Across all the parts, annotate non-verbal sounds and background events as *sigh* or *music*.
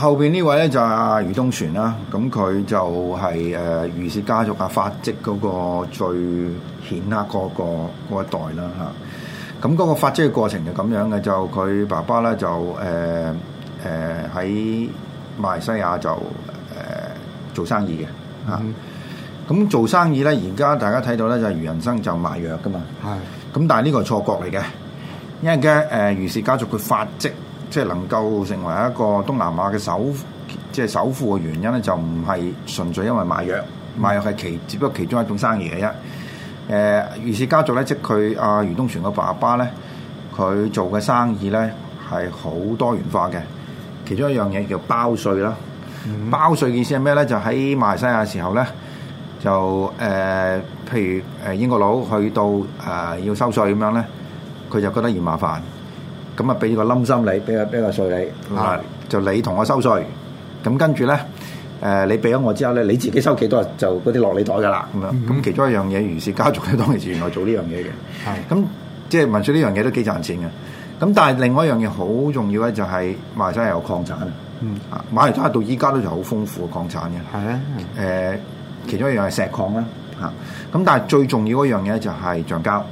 後邊呢位咧就係阿余東璇啦，咁佢就係誒余氏家族啊發跡嗰個最顯赫嗰個嗰一代啦吓。咁、啊、嗰個發跡嘅過程就咁樣嘅，就佢爸爸咧就誒誒喺馬來西亞就誒、呃、做生意嘅吓。咁、啊嗯、做生意咧，而家大家睇到咧就是、余仁生就賣藥噶嘛。係的。咁但係呢個係錯覺嚟嘅，因為咧誒余氏家族佢發迹。即係能夠成為一個東南亞嘅首，即係首富嘅原因咧，就唔係純粹因為賣藥，賣藥係其只不過其中一種生意嘅一。誒、呃，裕氏家族咧，即佢阿、呃、余東璇嘅爸爸咧，佢做嘅生意咧係好多元化嘅，其中一樣嘢叫包稅啦。嗯、包稅意思係咩咧？就喺馬來西亞時候咧，就誒、呃，譬如誒英國佬去到誒、呃、要收稅咁樣咧，佢就覺得嫌麻煩。咁啊，俾個冧心你，俾個俾個稅你，啊就你同我收稅。咁跟住咧，誒、呃、你俾咗我之後咧，你自己收幾多日就嗰啲落你袋噶啦。咁樣，咁 *noise* 其中一樣嘢，如是家族咧，當其時原來是做呢樣嘢嘅。係， *laughs* 咁即係文萊呢樣嘢都幾賺錢嘅。咁但係另外一樣嘢好重要咧，就係馬來西亞有礦產。嗯，馬來西亞到依家都就好豐富嘅礦產嘅。係啊、嗯，誒，其中一樣係石礦啦。嚇，咁但係最重要嗰樣嘢就係橡膠。咁、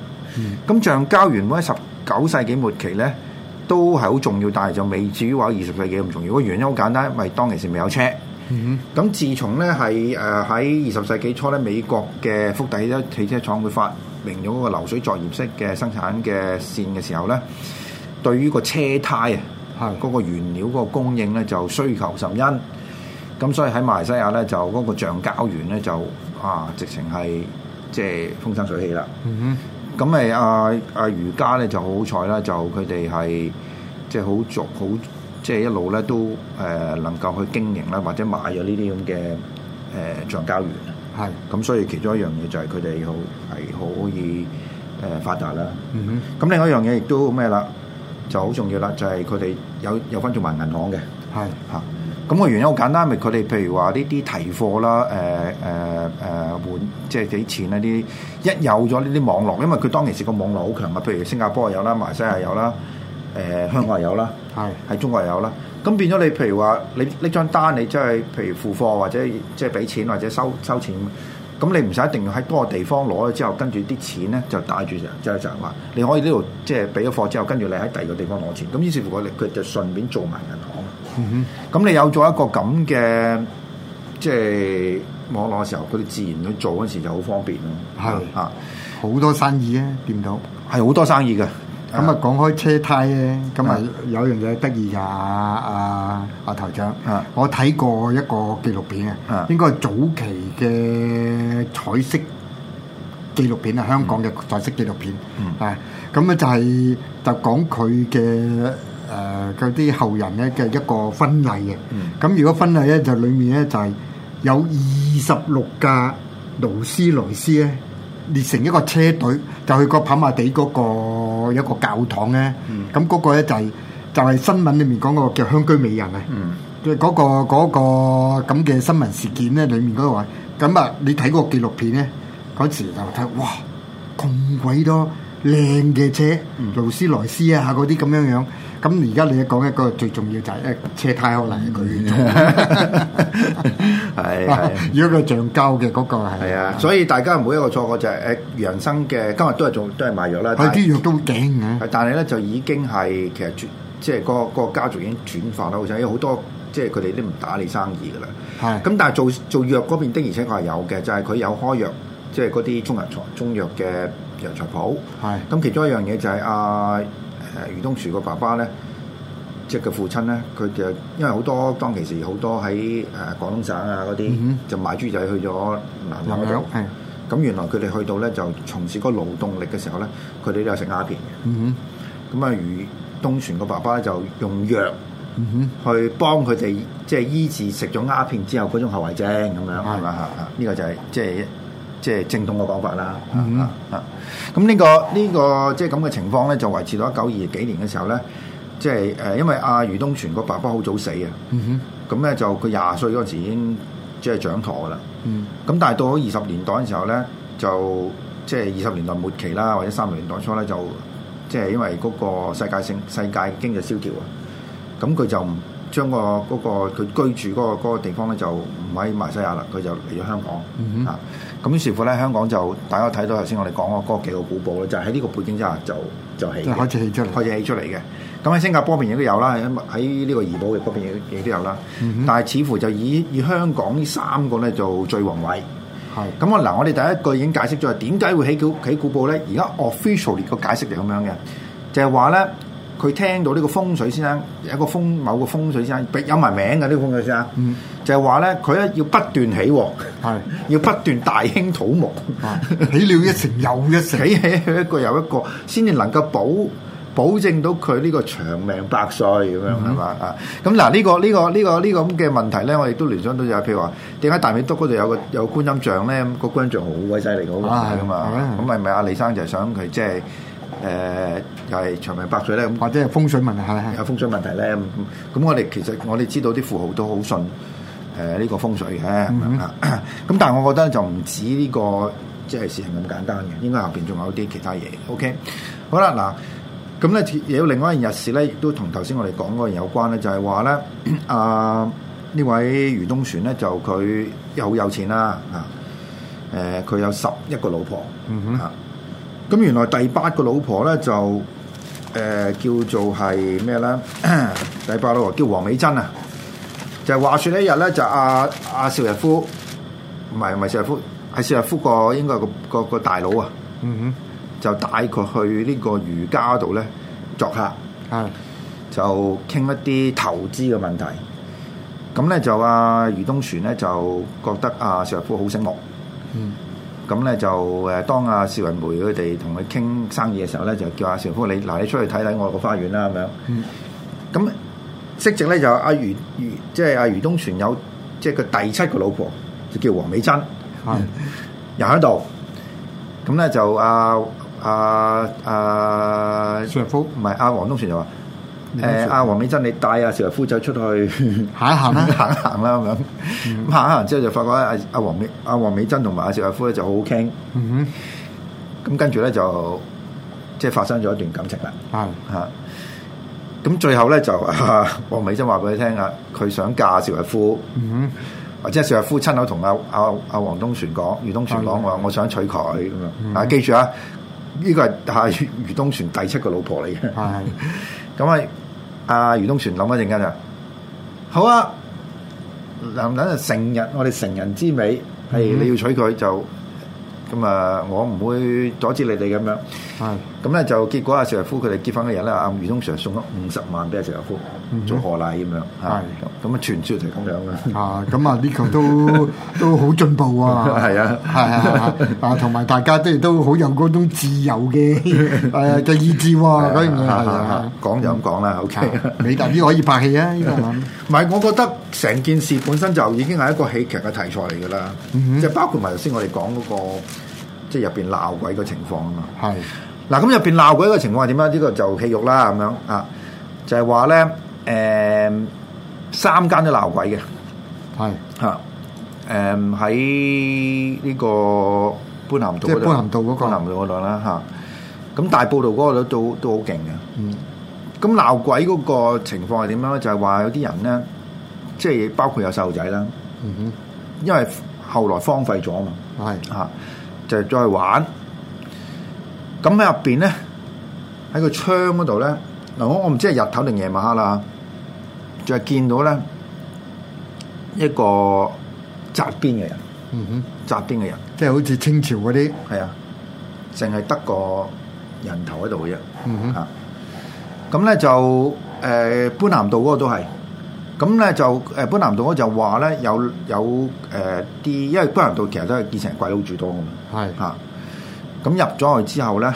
嗯、橡膠原本喺十九世紀末期咧。都係好重要，但係就未至於話二十世紀咁重要。個原因好簡單，因為當其時未有車。咁、mm hmm. 自從咧係誒喺二十世紀初咧，美國嘅福特汽車廠會發明咗嗰個流水作業式嘅生產嘅線嘅時候咧，對於個車胎啊，嗰、mm hmm. 個原料嗰個供應咧就需求甚殷。咁所以喺馬來西亞咧就嗰個橡膠園咧就啊，直情係即係風生水起啦。Mm hmm. 咁咪阿阿儒家咧就好彩啦，就佢哋係即係好俗、好、就是，即係一路咧都誒、呃、能夠去經營啦，或者買咗呢啲咁嘅誒橡膠園。係、呃，咁是的 所以其中一樣嘢就係佢哋好係可以誒發達啦。咁、嗯、哼另外一樣嘢亦都咩啦，就好重要啦，就係佢哋有有翻做埋銀行嘅。係嚇的。咁個原因好簡單，咪佢哋譬如話呢啲提貨啦，誒誒誒換即係俾錢啊啲，一有咗呢啲網絡，因為佢當其時個網絡好強嘅，譬如新加坡有啦，馬西亞馬來西亞有啦，誒、呃、香港係有啦，係喺的中國係有啦。咁變咗你譬如話你搦張單，你即係譬如付貨或者即係俾錢或者收收錢咁，你唔使一定要喺多個地方攞咗之後，跟住啲錢咧就帶住就就就係話，你可以呢度即係俾咗貨之後，跟住你喺第二個地方攞錢。咁於是乎我哋佢就順便做埋銀行。咁、嗯、你有咗一個咁嘅即係網絡嘅時候，佢哋自然去做嗰時就好方便咯。係啊的，好的多生意啊，掂到係好多生意嘅。咁啊，講開車胎、啊，咧的，咁啊有一樣嘢得意㗎，阿阿阿頭長，的我睇過一個紀錄片嘅、啊，的應該係早期嘅彩色紀錄片啊，香港嘅彩色紀錄片、嗯嗯、啊。咁咧就係、是、就講佢嘅。誒嗰啲後人咧嘅一個婚禮嘅，咁如果婚禮咧就裡面咧就係有二十六架勞斯萊斯咧列成一個車隊，就去個跑馬地嗰個一個教堂咧。咁嗰個咧就係就係新聞裡面講個叫香居美人啊。即係嗰個嗰個咁嘅新聞事件咧，裡面嗰個話。咁啊，你睇個紀錄片咧，嗰時就睇哇，咁鬼多。靚嘅車，勞斯萊斯啊，嗰啲咁樣樣。咁而家你一講一個最重要就係，誒，車太可能佢係如果佢橡膠嘅嗰個係啊。所以大家唔好一個錯過就係，誒，楊生嘅今日都係做都係賣藥啦。佢啲藥都好正嘅，但係咧就已經係其實轉即係個個家族已經轉化咗好多，有好多即係佢哋都唔打理生意噶啦。係咁，但係做做藥嗰邊的，而且佢係有嘅，就係佢有開藥。即係嗰啲中藥材、中藥嘅藥材鋪。係。咁其中一樣嘢就係阿誒余東璇個爸爸咧，即係佢父親咧，佢就因為好多當其時好多喺誒廣東省啊嗰啲就賣豬仔去咗南南亞。係。咁原來佢哋去到咧就從事嗰個勞動力嘅時候咧，佢哋都有食鴉片嘅。哼。咁啊，余東璇個爸爸咧就用藥哼去幫佢哋即係醫治食咗鴉片之後嗰種後遺症，咁樣係嘛係啊？呢個就係即係。即係正統嘅講法啦，嗯、哼啊咁呢、這個呢、這個即係咁嘅情況咧，就維持到一九二幾年嘅時候咧，即係誒，因為阿余東泉個爸爸好早死啊，咁咧、嗯、哼就佢廿歲嗰陣時已經即係掌舵噶啦，咁、嗯、但係到咗二十年代嘅時候咧，就即係二十年代末期啦，或者三十年代初咧，就即係、就是、因為嗰個世界性世界經濟蕭條啊，咁佢就將、那個嗰、那個佢居住嗰、那個那個地方咧就唔喺馬來西亞啦，佢就嚟咗香港啊。嗯哼。咁於是乎咧，香港就大家睇到頭先我哋講嗰嗰幾個古堡咧，就喺、是、呢個背景之下就就起開始起出嚟，開始起，起出嚟嘅。咁喺新加坡邊亦都有啦，喺呢個怡保嘅嗰邊亦亦都有啦。嗯、哼但係似乎就以以香港呢三個咧就最宏偉。係咁我嗱，我哋第一句已經解釋咗，點解會起古起古堡咧？而家 officially 個解釋就咁樣嘅，就係話咧。佢聽到呢個風水先生，有一個風，某個風水先生有埋名嘅呢個風水先生，嗯、就係話咧，佢咧要不斷起喎，是要不斷大興土木，起了一成又一成， *laughs* 起起一個又一個，先至能夠保保證到佢呢個長命百歲咁樣係嘛啊？咁嗱呢個呢個呢個呢個咁嘅問題咧，我亦都聯想到就譬如話，點解大美督嗰度有個有觀音像咧？個觀音像好鬼犀利嘅，啊係啊，咁係咪阿李生就係想佢即係？嗯誒、呃、又係長命百歲咧咁，或者係風水問題，係係有風水問題咧咁。我哋、嗯、其實我哋知道啲富豪都好信誒呢個風水嘅咁，嗯哼啊、但係我覺得就唔止呢、呢個即係、就是、事情咁簡單嘅，應該後邊仲有啲其他嘢。OK，好啦嗱。咁咧有另外一件日事咧，亦都同頭先我哋講嗰個有關咧，就係話咧啊呢位余東旋咧，就佢好有錢啦啊。誒、啊，佢有十一個老婆。啊、嗯哼。咁原來第八個老婆咧就誒、呃、叫做係咩咧？第八老婆叫黃美珍啊，就是、話説一呢、啊啊、日咧就阿阿邵逸夫唔係唔係邵逸夫係邵逸夫個應該個個個,個大佬啊，嗯哼，就帶佢去呢個瑜伽度咧作客，啊，就傾一啲投資嘅問題。咁咧就阿、啊、余東璇咧就覺得阿邵逸夫好醒目，嗯。咁咧就誒，當阿邵雲梅佢哋同佢傾生意嘅時候咧，就叫阿邵雲夫你，嗱你出去睇睇我個花園啦，咁樣。咁、嗯、息直咧就阿余，即係阿余東璇有，即係佢第七個老婆，就係、叫黃美珍，又喺度。咁咧就阿阿阿邵雲夫，唔係阿黃東璇就話。誒阿黃美珍，你帶阿邵逸夫仔出去行一行、啊、啦，行一行啦咁。咁行一行之後就發覺阿阿黃美阿黃美珍同埋阿邵逸夫就好好傾。嗯咁跟住咧就即係發生咗一段感情啦。係咁、mm hmm. 啊、最後咧就黃美珍話俾你聽啊，佢想嫁邵逸夫。Hmm. 或者邵逸夫親口同阿阿阿黃東旋講，黃東旋講話我想娶佢咁樣。啊、mm hmm. 記住啊，呢、這個係阿余東旋第七個老婆嚟嘅。係咁啊～阿、啊、余東旋諗一陣間啊，好啊，男人就成人，我哋成人之美，mm hmm. 你要娶佢就咁啊、嗯，我唔會阻止你哋咁樣。Mm hmm. 咁咧就結果阿邵逸夫佢哋結婚嘅人咧，阿余東璇送咗五十萬俾阿邵逸夫做賀禮咁樣嚇。咁咁啊，傳説就係咁樣嘅。啊、這個，咁啊，地球都都好進步啊。係啊，係啊，啊，同埋大家即係都好有嗰種自由嘅誒嘅意志喎、啊。咁、啊、講就咁講啦。O K、okay。你等於可以拍戲啊，依個唔係我覺得成件事本身就已經係一個喜劇嘅題材嚟㗎啦。即係包括埋頭先我哋講嗰個即係入邊鬧鬼嘅情況啊嘛。係。嗱咁入邊鬧鬼嘅情況係點啊？呢、呢個就戲肉啦咁樣啊，就係話咧誒三間都鬧鬼嘅，係嚇誒喺呢個般咸道，即係般咸道嗰個般咸道度啦嚇。咁大埔道嗰個都都好勁嘅，嗯。咁鬧鬼嗰個情況係點咧？就係話有啲人咧，即係包括有細路仔啦，嗯、哼，因為後來荒廢咗是啊，係嚇就係再去玩。咁喺入邊咧，喺個窗嗰度咧，嗱我我唔知係日頭定夜晚黑啦，就係見到咧一個紮辮嘅人，嗯哼，紮辮嘅人，即係好似清朝嗰啲，係啊，淨係得個人頭喺度嘅啫，嗯、哼，啊，咁咧就誒搬、呃、南道嗰個都係，咁咧就誒搬、呃、南道嗰就話咧有有誒啲、呃，因為搬南道其實都係變成鬼佬住多㗎嘛，係是，嚇、啊。咁入咗去之後咧，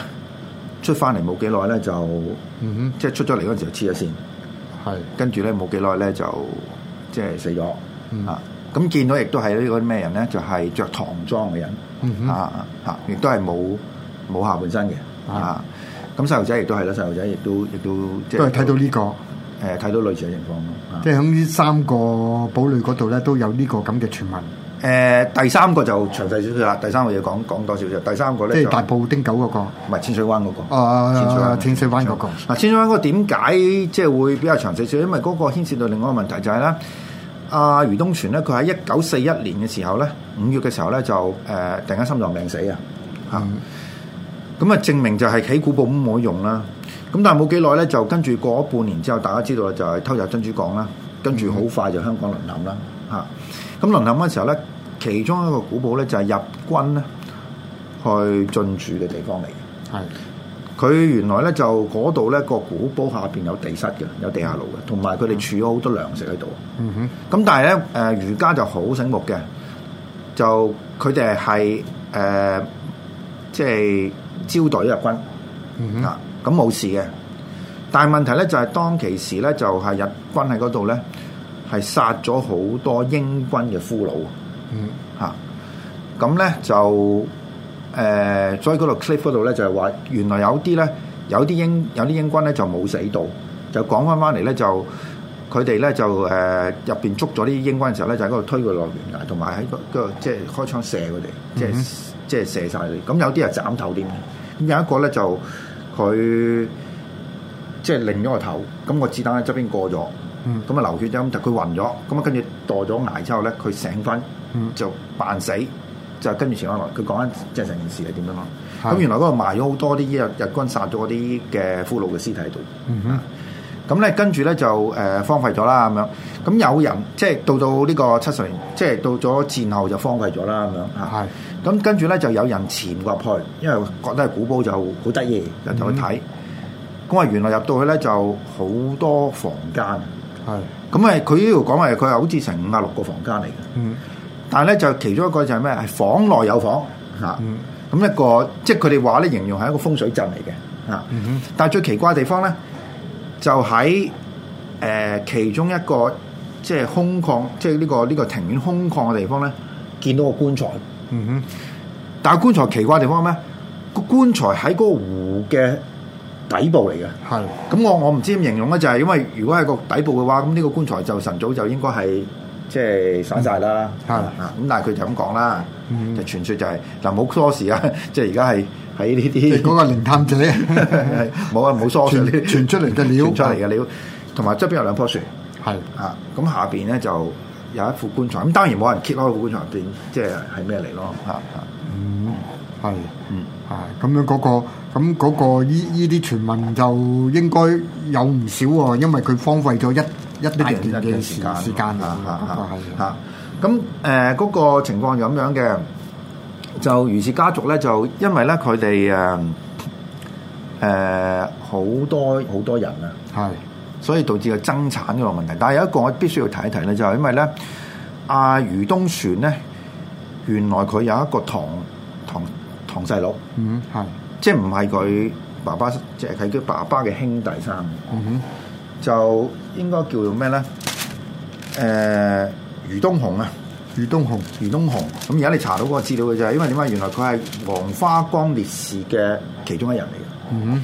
出翻嚟冇幾耐咧就，嗯、哼即係出咗嚟嗰陣時黐咗線，係跟住咧冇幾耐咧就即係、就是、死咗、嗯、啊！咁見到亦都係呢個咩人咧，就係着唐裝嘅人啊，嚇！亦都係冇冇下半身嘅是啊！咁細路仔亦都係啦，細路仔亦都亦、就是、都即係睇到呢、這個誒，睇到類似嘅情況咯，啊、即係喺呢三個堡壘嗰度咧都有呢個咁嘅傳聞。誒第三個就詳細少少啦，第三個嘢講講多少少。第三個咧，即係大布丁狗嗰個，唔係淺水灣嗰個。哦，淺水灣嗰個。嗱，淺水灣嗰個點解即係會比較詳細少？因為嗰個牽涉到另外一個問題，就係咧，阿余東泉咧，佢喺一九四一年嘅時候咧，五月嘅時候咧就誒突然間心臟病死啊！嚇，咁啊證明就係起古堡冇用啦。咁但係冇幾耐咧，就跟住過咗半年之後，大家知道啦，就係偷襲珍珠港啦，跟住好快就香港淪陷啦，嚇。咁淪陷嘅時候咧，其中一個古堡咧就係，是，日軍咧去進駐嘅地方嚟嘅。係的，佢原來咧就嗰度咧個古堡下邊有地室嘅，有地下路嘅，同埋佢哋儲咗好多糧食喺度。嗯哼。咁但係咧，誒儒家就好醒目嘅，就佢哋係誒即係招待啲日軍。嗯、哼啊，咁冇事嘅。但係問題咧就係，是，當其時咧就係，是，日軍喺嗰度咧。係殺咗好多英軍嘅俘虜，嗯嚇，咁咧就誒，所以嗰度 cliff 嗰度咧就係話，原來有啲咧，有啲英有啲英軍咧就冇死到，就講翻翻嚟咧就佢哋咧就誒入邊捉咗啲英軍嘅時候咧，就喺嗰度推佢落懸崖，同埋喺個即係開槍射佢哋，即係即係射曬佢哋，咁有啲係斬頭添，咁有一個咧就佢即係擰咗個頭，咁個子彈喺側邊過咗。咁啊流血咁，就佢暈咗，咁啊跟住墮咗崖之後咧，佢醒翻就扮死，嗯、就跟住前翻來。佢講緊即係成件事係點樣咯？咁是的 原來嗰度埋咗好多啲日日軍殺咗嗰啲嘅俘虜嘅屍體喺度。咁咧、嗯哼 啊、跟住咧就誒荒廢咗啦咁樣。咁有人即係到到呢個七十年，即係到咗戰後就荒廢咗啦咁樣。係是的、啊。咁跟住咧就有人潛過去，因為覺得係古堡就好得意，嗯、哼 就去睇。咁啊原來入到去咧就好多房間。係，咁啊、嗯，佢呢度講係佢係好似成五啊六個房間嚟嘅，嗯、但係咧就其中一個就係咩？係房內有房，吓、嗯，咁一個即係佢哋話咧形容係一個風水陣嚟嘅，吓、嗯哼。但係最奇怪地方咧，就喺誒、呃、其中一個即係空曠，即係呢、這個呢、這個庭院空曠嘅地方咧，見到個棺材。嗯哼，但係棺材奇怪地方咩？個棺材喺個湖嘅。底部嚟嘅，係咁、嗯嗯、我我唔知點形容咧，就係、是，因為如果係個底部嘅話，咁呢個棺材就晨早就應該係即係散晒啦，吓咁但係佢就咁講啦，就傳說就係嗱冇鎖匙啊，即係而家係喺呢啲嗰個靈探者，冇啊冇鎖匙，傳出嚟嘅料，同埋側邊有兩樖樹，係啊咁下邊咧就有一副棺材，咁當然冇人揭開個棺材入邊，即係係咩嚟咯，吓、嗯。嗯係，嗯，啊，咁樣嗰個，咁嗰個依依啲傳聞就應該有唔少喎，因為佢荒廢咗一一段一段時間時間啊，啊，係啊，啊，咁誒嗰個情況咁樣嘅，就余氏家族咧就因為咧佢哋誒誒好多好多人啊，係，所以導致佢爭產呢個問題。但係有一個我必須要提一提咧，就係因為咧阿余東旋咧，原來佢有一個堂堂細佬，係即係唔係佢爸爸，即係佢爸爸嘅兄弟生嘅，嗯、哼 就應該叫做咩咧？誒、呃，余東雄啊，余 m uch an m uch an 東雄，余東雄。咁而家你查到嗰個資料嘅就係因為點解？原來佢係黃花崗烈士嘅其中一人嚟嘅。嗯哼，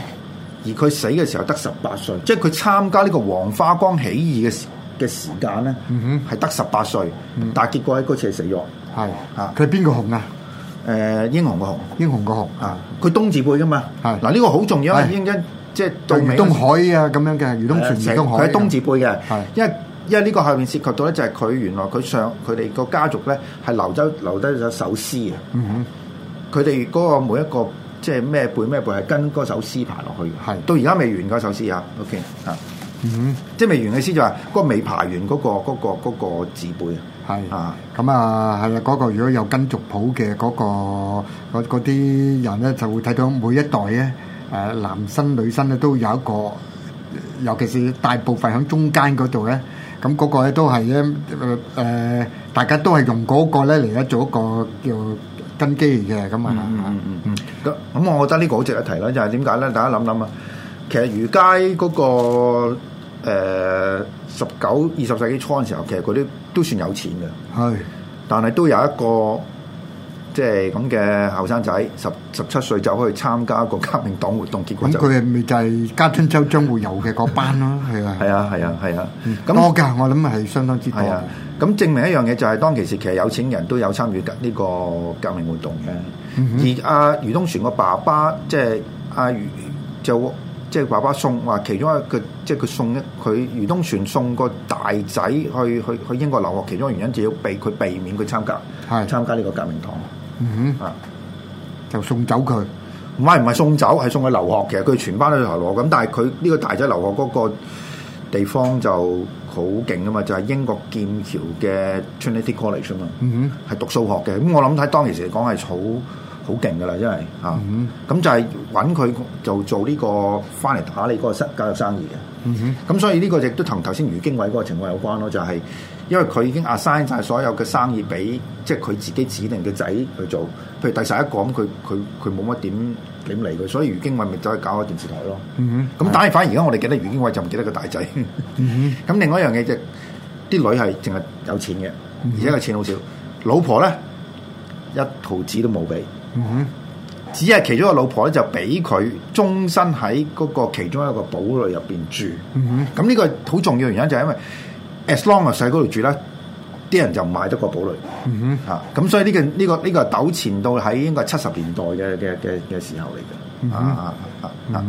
而佢死嘅時候得十八歲，即係佢參加呢個黃花崗起義嘅時嘅時間咧，哼 m uch an，係得十八歲，但係結果喺嗰次係死咗，係嚇。佢係邊個雄啊？誒英雄個雄，英雄個雄啊！佢東字輩噶嘛，係嗱呢個好重要啊！即係如東海啊咁樣嘅，如東全、如東海，佢係東字輩嘅。係是因為因為呢個後面涉及到咧就係佢原來佢上佢哋個家族咧係留咗留低咗首詩啊！嗯哼，佢哋嗰個每一個即係咩背咩背，係跟嗰首詩爬落去嘅，係是到而家未完嗰首詩啊，OK、嗯、哼啊，即係未完嘅詩就話嗰未爬完嗰、嗰個嗰字輩啊。嗰個嗰個嗰個嗰個係啊，咁啊，係啦，嗰個如果有跟族譜嘅嗰個嗰啲人咧，就會睇到每一代咧，誒男生女生咧都有一個，尤其是大部分喺中間嗰度咧，咁嗰個咧都係咧誒，大家都係用嗰個咧嚟做一個叫根基嚟嘅咁啊。嗯嗯嗯咁咁、嗯，我覺得呢個好值得提啦，就係點解咧？大家諗諗啊，其實漁街嗰個。誒十九二十世紀初嘅時候，其實嗰啲都算有錢嘅，是但係都有一個即係咁嘅後生仔，十十七歲就可以參加一個革命黨活動，結果就咁，佢係咪就係家春秋張惠有嘅嗰班咯？係啊，係 *laughs* 啊，係啊，咁、啊、我㗎，我諗係相當之多。咁、啊、證明一樣嘢就係、是、當其時，其實有錢人都有參與呢個革命活動嘅。嗯、哼而阿、啊、余東旋個爸爸即係阿、啊、余。就。就啊即係爸爸送，話其中一個，即係佢送一佢余東璇送個大仔去去去英國留學，其中原因就要避佢避免佢參加，係參是加呢個革命黨，嗯哼，啊是，就送走佢，唔係唔係送走，係送去留，留學。其實佢全班都喺台灣咁，但係佢呢個大仔留學嗰個地方就好勁噶嘛，就係、是、英國劍橋嘅 Trinity College 啊嘛，嗯哼，係讀數學嘅。咁我諗睇當時嚟講係好。好勁噶啦，因係嚇咁就係揾佢就做呢、這個翻嚟打理嗰個生教育生意嘅。咁、嗯嗯、所以呢個亦都同頭先余經緯嗰個情況有關咯，就係、是、因為佢已經 assign 晒所有嘅生意俾即係佢自己指定嘅仔去做，譬如第十一個咁，佢佢佢冇乜點點嚟，佢所以余經緯咪走去搞個電視台咯。咁、嗯嗯、但係反而而家我哋記得余經緯就唔記得個大仔。咁、嗯嗯、 *laughs* 另外一樣嘢就啲、是、女係淨係有錢嘅，而且個錢好少。老婆咧一毫子都冇俾。嗯哼， *music* 只係其中一個老婆咧，就俾佢終身喺嗰個其中一個堡壘入邊住。哼，咁呢個好重要原因就係因為，as long as 喺嗰度住咧，啲人就買得個堡壘。哼，吓， *music* 咁所以呢個呢個呢個係糾纏到喺應該係七十年代嘅嘅嘅嘅時候嚟嘅。 *music* 嗯哼，嗱，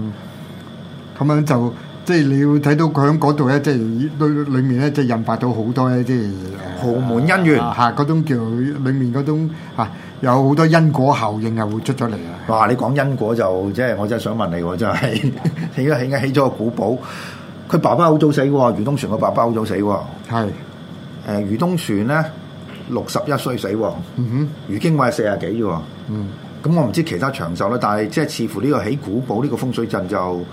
咁樣就即、是、係你要睇到佢喺嗰度咧，即係裏裏面咧，即、就、係、是就是、引發到好多咧，即係豪門恩怨吓，嗰、啊啊啊、種叫裏面嗰種吓。啊有好多因果效應啊，會出咗嚟啊！哇，你講因果就即係，就是、我真係想問你，我真係，你而家起緊起咗個古堡，佢爸爸好早死喎，余東璇個爸爸好早死喎。係是，誒、呃，余東璇咧六十一歲死，嗯哼，余經緯四啊幾啫，嗯，咁、嗯嗯、我唔知其他長壽啦，但係即係似乎呢個起古堡呢、這個風水陣就，誒、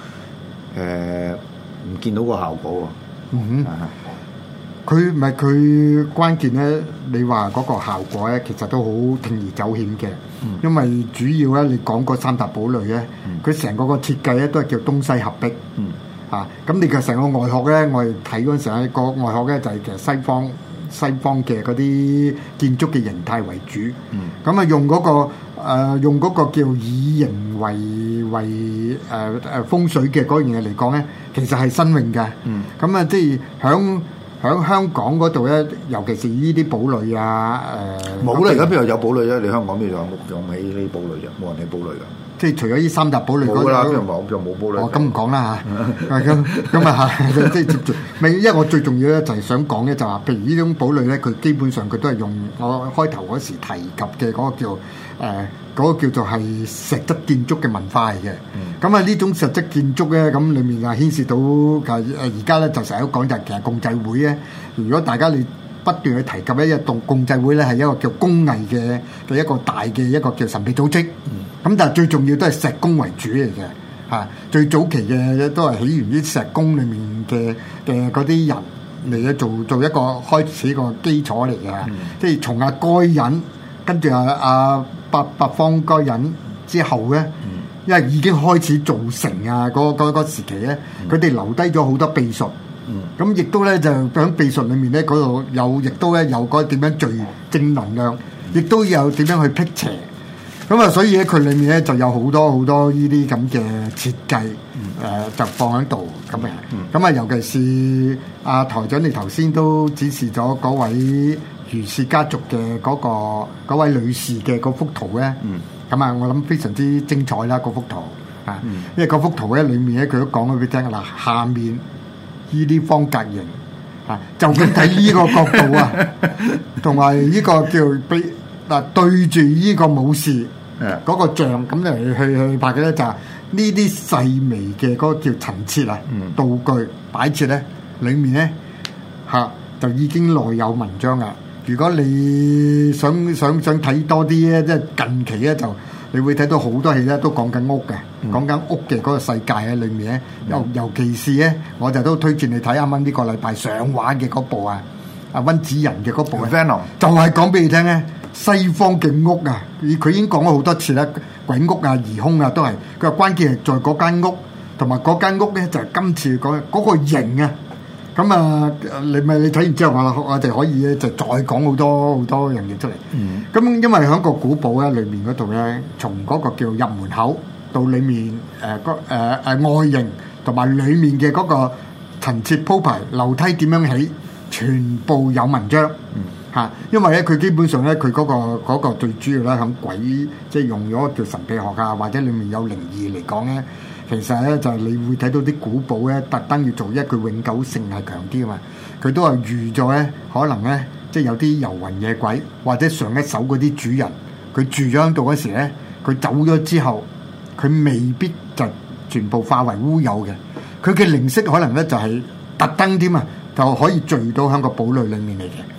呃，唔見到個效果，嗯哼。嗯佢唔係佢關鍵咧，你話嗰個效果咧，其實都好鋌而走險嘅，mm. 因為主要咧，你講嗰三塔堡壘咧，佢成個個設計咧都係叫東西合璧，mm. 啊，咁你其實成個外殼咧，我哋睇嗰陣時候，咧，個外殼咧就係其實西方西方嘅嗰啲建築嘅形態為主，咁啊、mm. 用嗰、那個、呃、用嗰個叫以形為為誒誒、呃、風水嘅嗰樣嘢嚟講咧，其實係新穎嘅，咁啊、mm. 嗯、即係響。喺香港嗰度咧，尤其是呢啲堡壘啊，誒冇啦！而家邊度有堡壘咧、啊？你香港邊度有用起呢啲堡壘嘅、啊？冇人起堡壘嘅。即係除咗呢三笪堡壘，冇啦！呢冇就冇堡壘。我咁講啦吓。咁咁啊係，即係接住。咪因為我最重要咧，就係想講咧，就話譬如呢種堡壘咧，佢基本上佢都係用我開頭嗰時提及嘅嗰個叫做、呃嗰個叫做係石質建築嘅文化嚟嘅，咁啊呢種石質建築咧，咁裡面啊牽涉到，誒而家咧就成日都講就係共濟會咧。如果大家你不斷去提及咧，一棟共濟會咧係一個叫工藝嘅嘅一個大嘅一個叫神秘組織，咁、嗯、但係最重要都係石工為主嚟嘅，嚇、啊。最早期嘅都係起源於石工裡面嘅嘅嗰啲人嚟嘅做做一個開始一個基礎嚟嘅，嗯、即係從阿、啊、該人跟住阿阿。嗯八八方嘅人之後咧，嗯、因為已經開始造成啊，嗰嗰嗰時期咧，佢哋、嗯、留低咗好多秘術，咁亦、嗯、都咧就喺秘術裏面咧嗰度有，亦都咧有嗰點樣聚正能量，亦、嗯、都有點樣去辟邪。咁啊，所以佢裏面咧就有好多好多呢啲咁嘅設計，誒、嗯呃、就放喺度咁啊。咁啊、嗯，嗯、尤其是阿、啊、台長，你頭先都指示咗嗰位。如氏家族嘅嗰、嗰個嗰位女士嘅嗰幅圖咧，咁啊，我諗非常之精彩啦嗰幅圖啊，嗯、因為幅圖咧，裏面咧佢都講咗俾你聽啦。下面呢啲方格形，啊， *laughs* 就佢睇呢個角度啊，同埋呢個叫俾嗱 *laughs* 對住呢個武士嗰個像咁嚟去去拍嘅咧，就係呢啲細微嘅嗰個叫陳設啊、道具擺設咧，裏面咧嚇就已經內有文章噶。如果你想想想睇多啲咧，即係近期咧就，你會睇到好多戲咧，都講緊屋嘅，講緊屋嘅嗰個世界喺裏面咧。尤尤其是咧，我就都推薦你睇啱啱呢個禮拜上畫嘅嗰部啊，阿温子仁嘅嗰部啊，就係講俾你聽咧，西方嘅屋啊，佢佢已經講咗好多次啦，鬼屋啊、疑兇啊都係，佢話關鍵係在嗰間屋，同埋嗰間屋咧就係今次嗰嗰個型啊。咁啊，你咪你睇完之後，我我哋可以咧就再講好多好多樣嘢出嚟。咁因為喺個古堡咧裏面嗰度咧，從嗰個叫入門口到裏面誒個誒誒外形同埋裏面嘅嗰個陳設鋪排、樓梯點樣起，全部有文章嚇、嗯嗯。因為咧，佢基本上咧、那個，佢嗰個嗰個最主要咧，喺鬼即係用咗叫神秘學啊，或者裏面有靈異嚟講咧。其實咧就係你會睇到啲古堡咧，特登要做一個永久性係強啲啊嘛，佢都係預咗咧，可能咧即係有啲遊魂野鬼或者上一手嗰啲主人，佢住咗喺度嗰時咧，佢走咗之後，佢未必就全部化為烏有嘅，佢嘅靈識可能咧就係特登添啊，就可以聚到喺個堡壘裡面嚟嘅。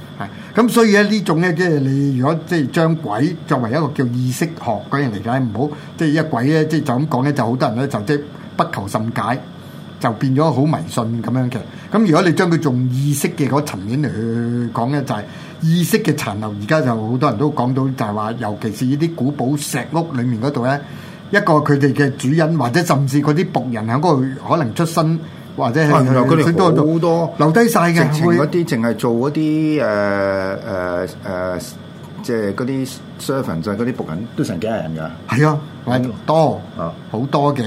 咁所以咧呢種咧即係你如果即係將鬼作為一個叫意識學嘅人嚟解唔好，即係一鬼咧即係就咁講咧就好多人咧就即係不求甚解，就變咗好迷信咁樣嘅。咁如果你將佢從意識嘅嗰層面嚟去講咧，就係意識嘅殘留。而家就好多人都講到就係話，尤其是呢啲古堡石屋裡面嗰度咧，一個佢哋嘅主人或者甚至嗰啲僕人喺嗰度可能出生。或者係原來佢哋好多留低晒嘅，直情啲淨係做嗰啲誒誒誒，即係嗰啲 servant 就係嗰啲僕人，都成幾百人㗎。係啊，多，好多嘅。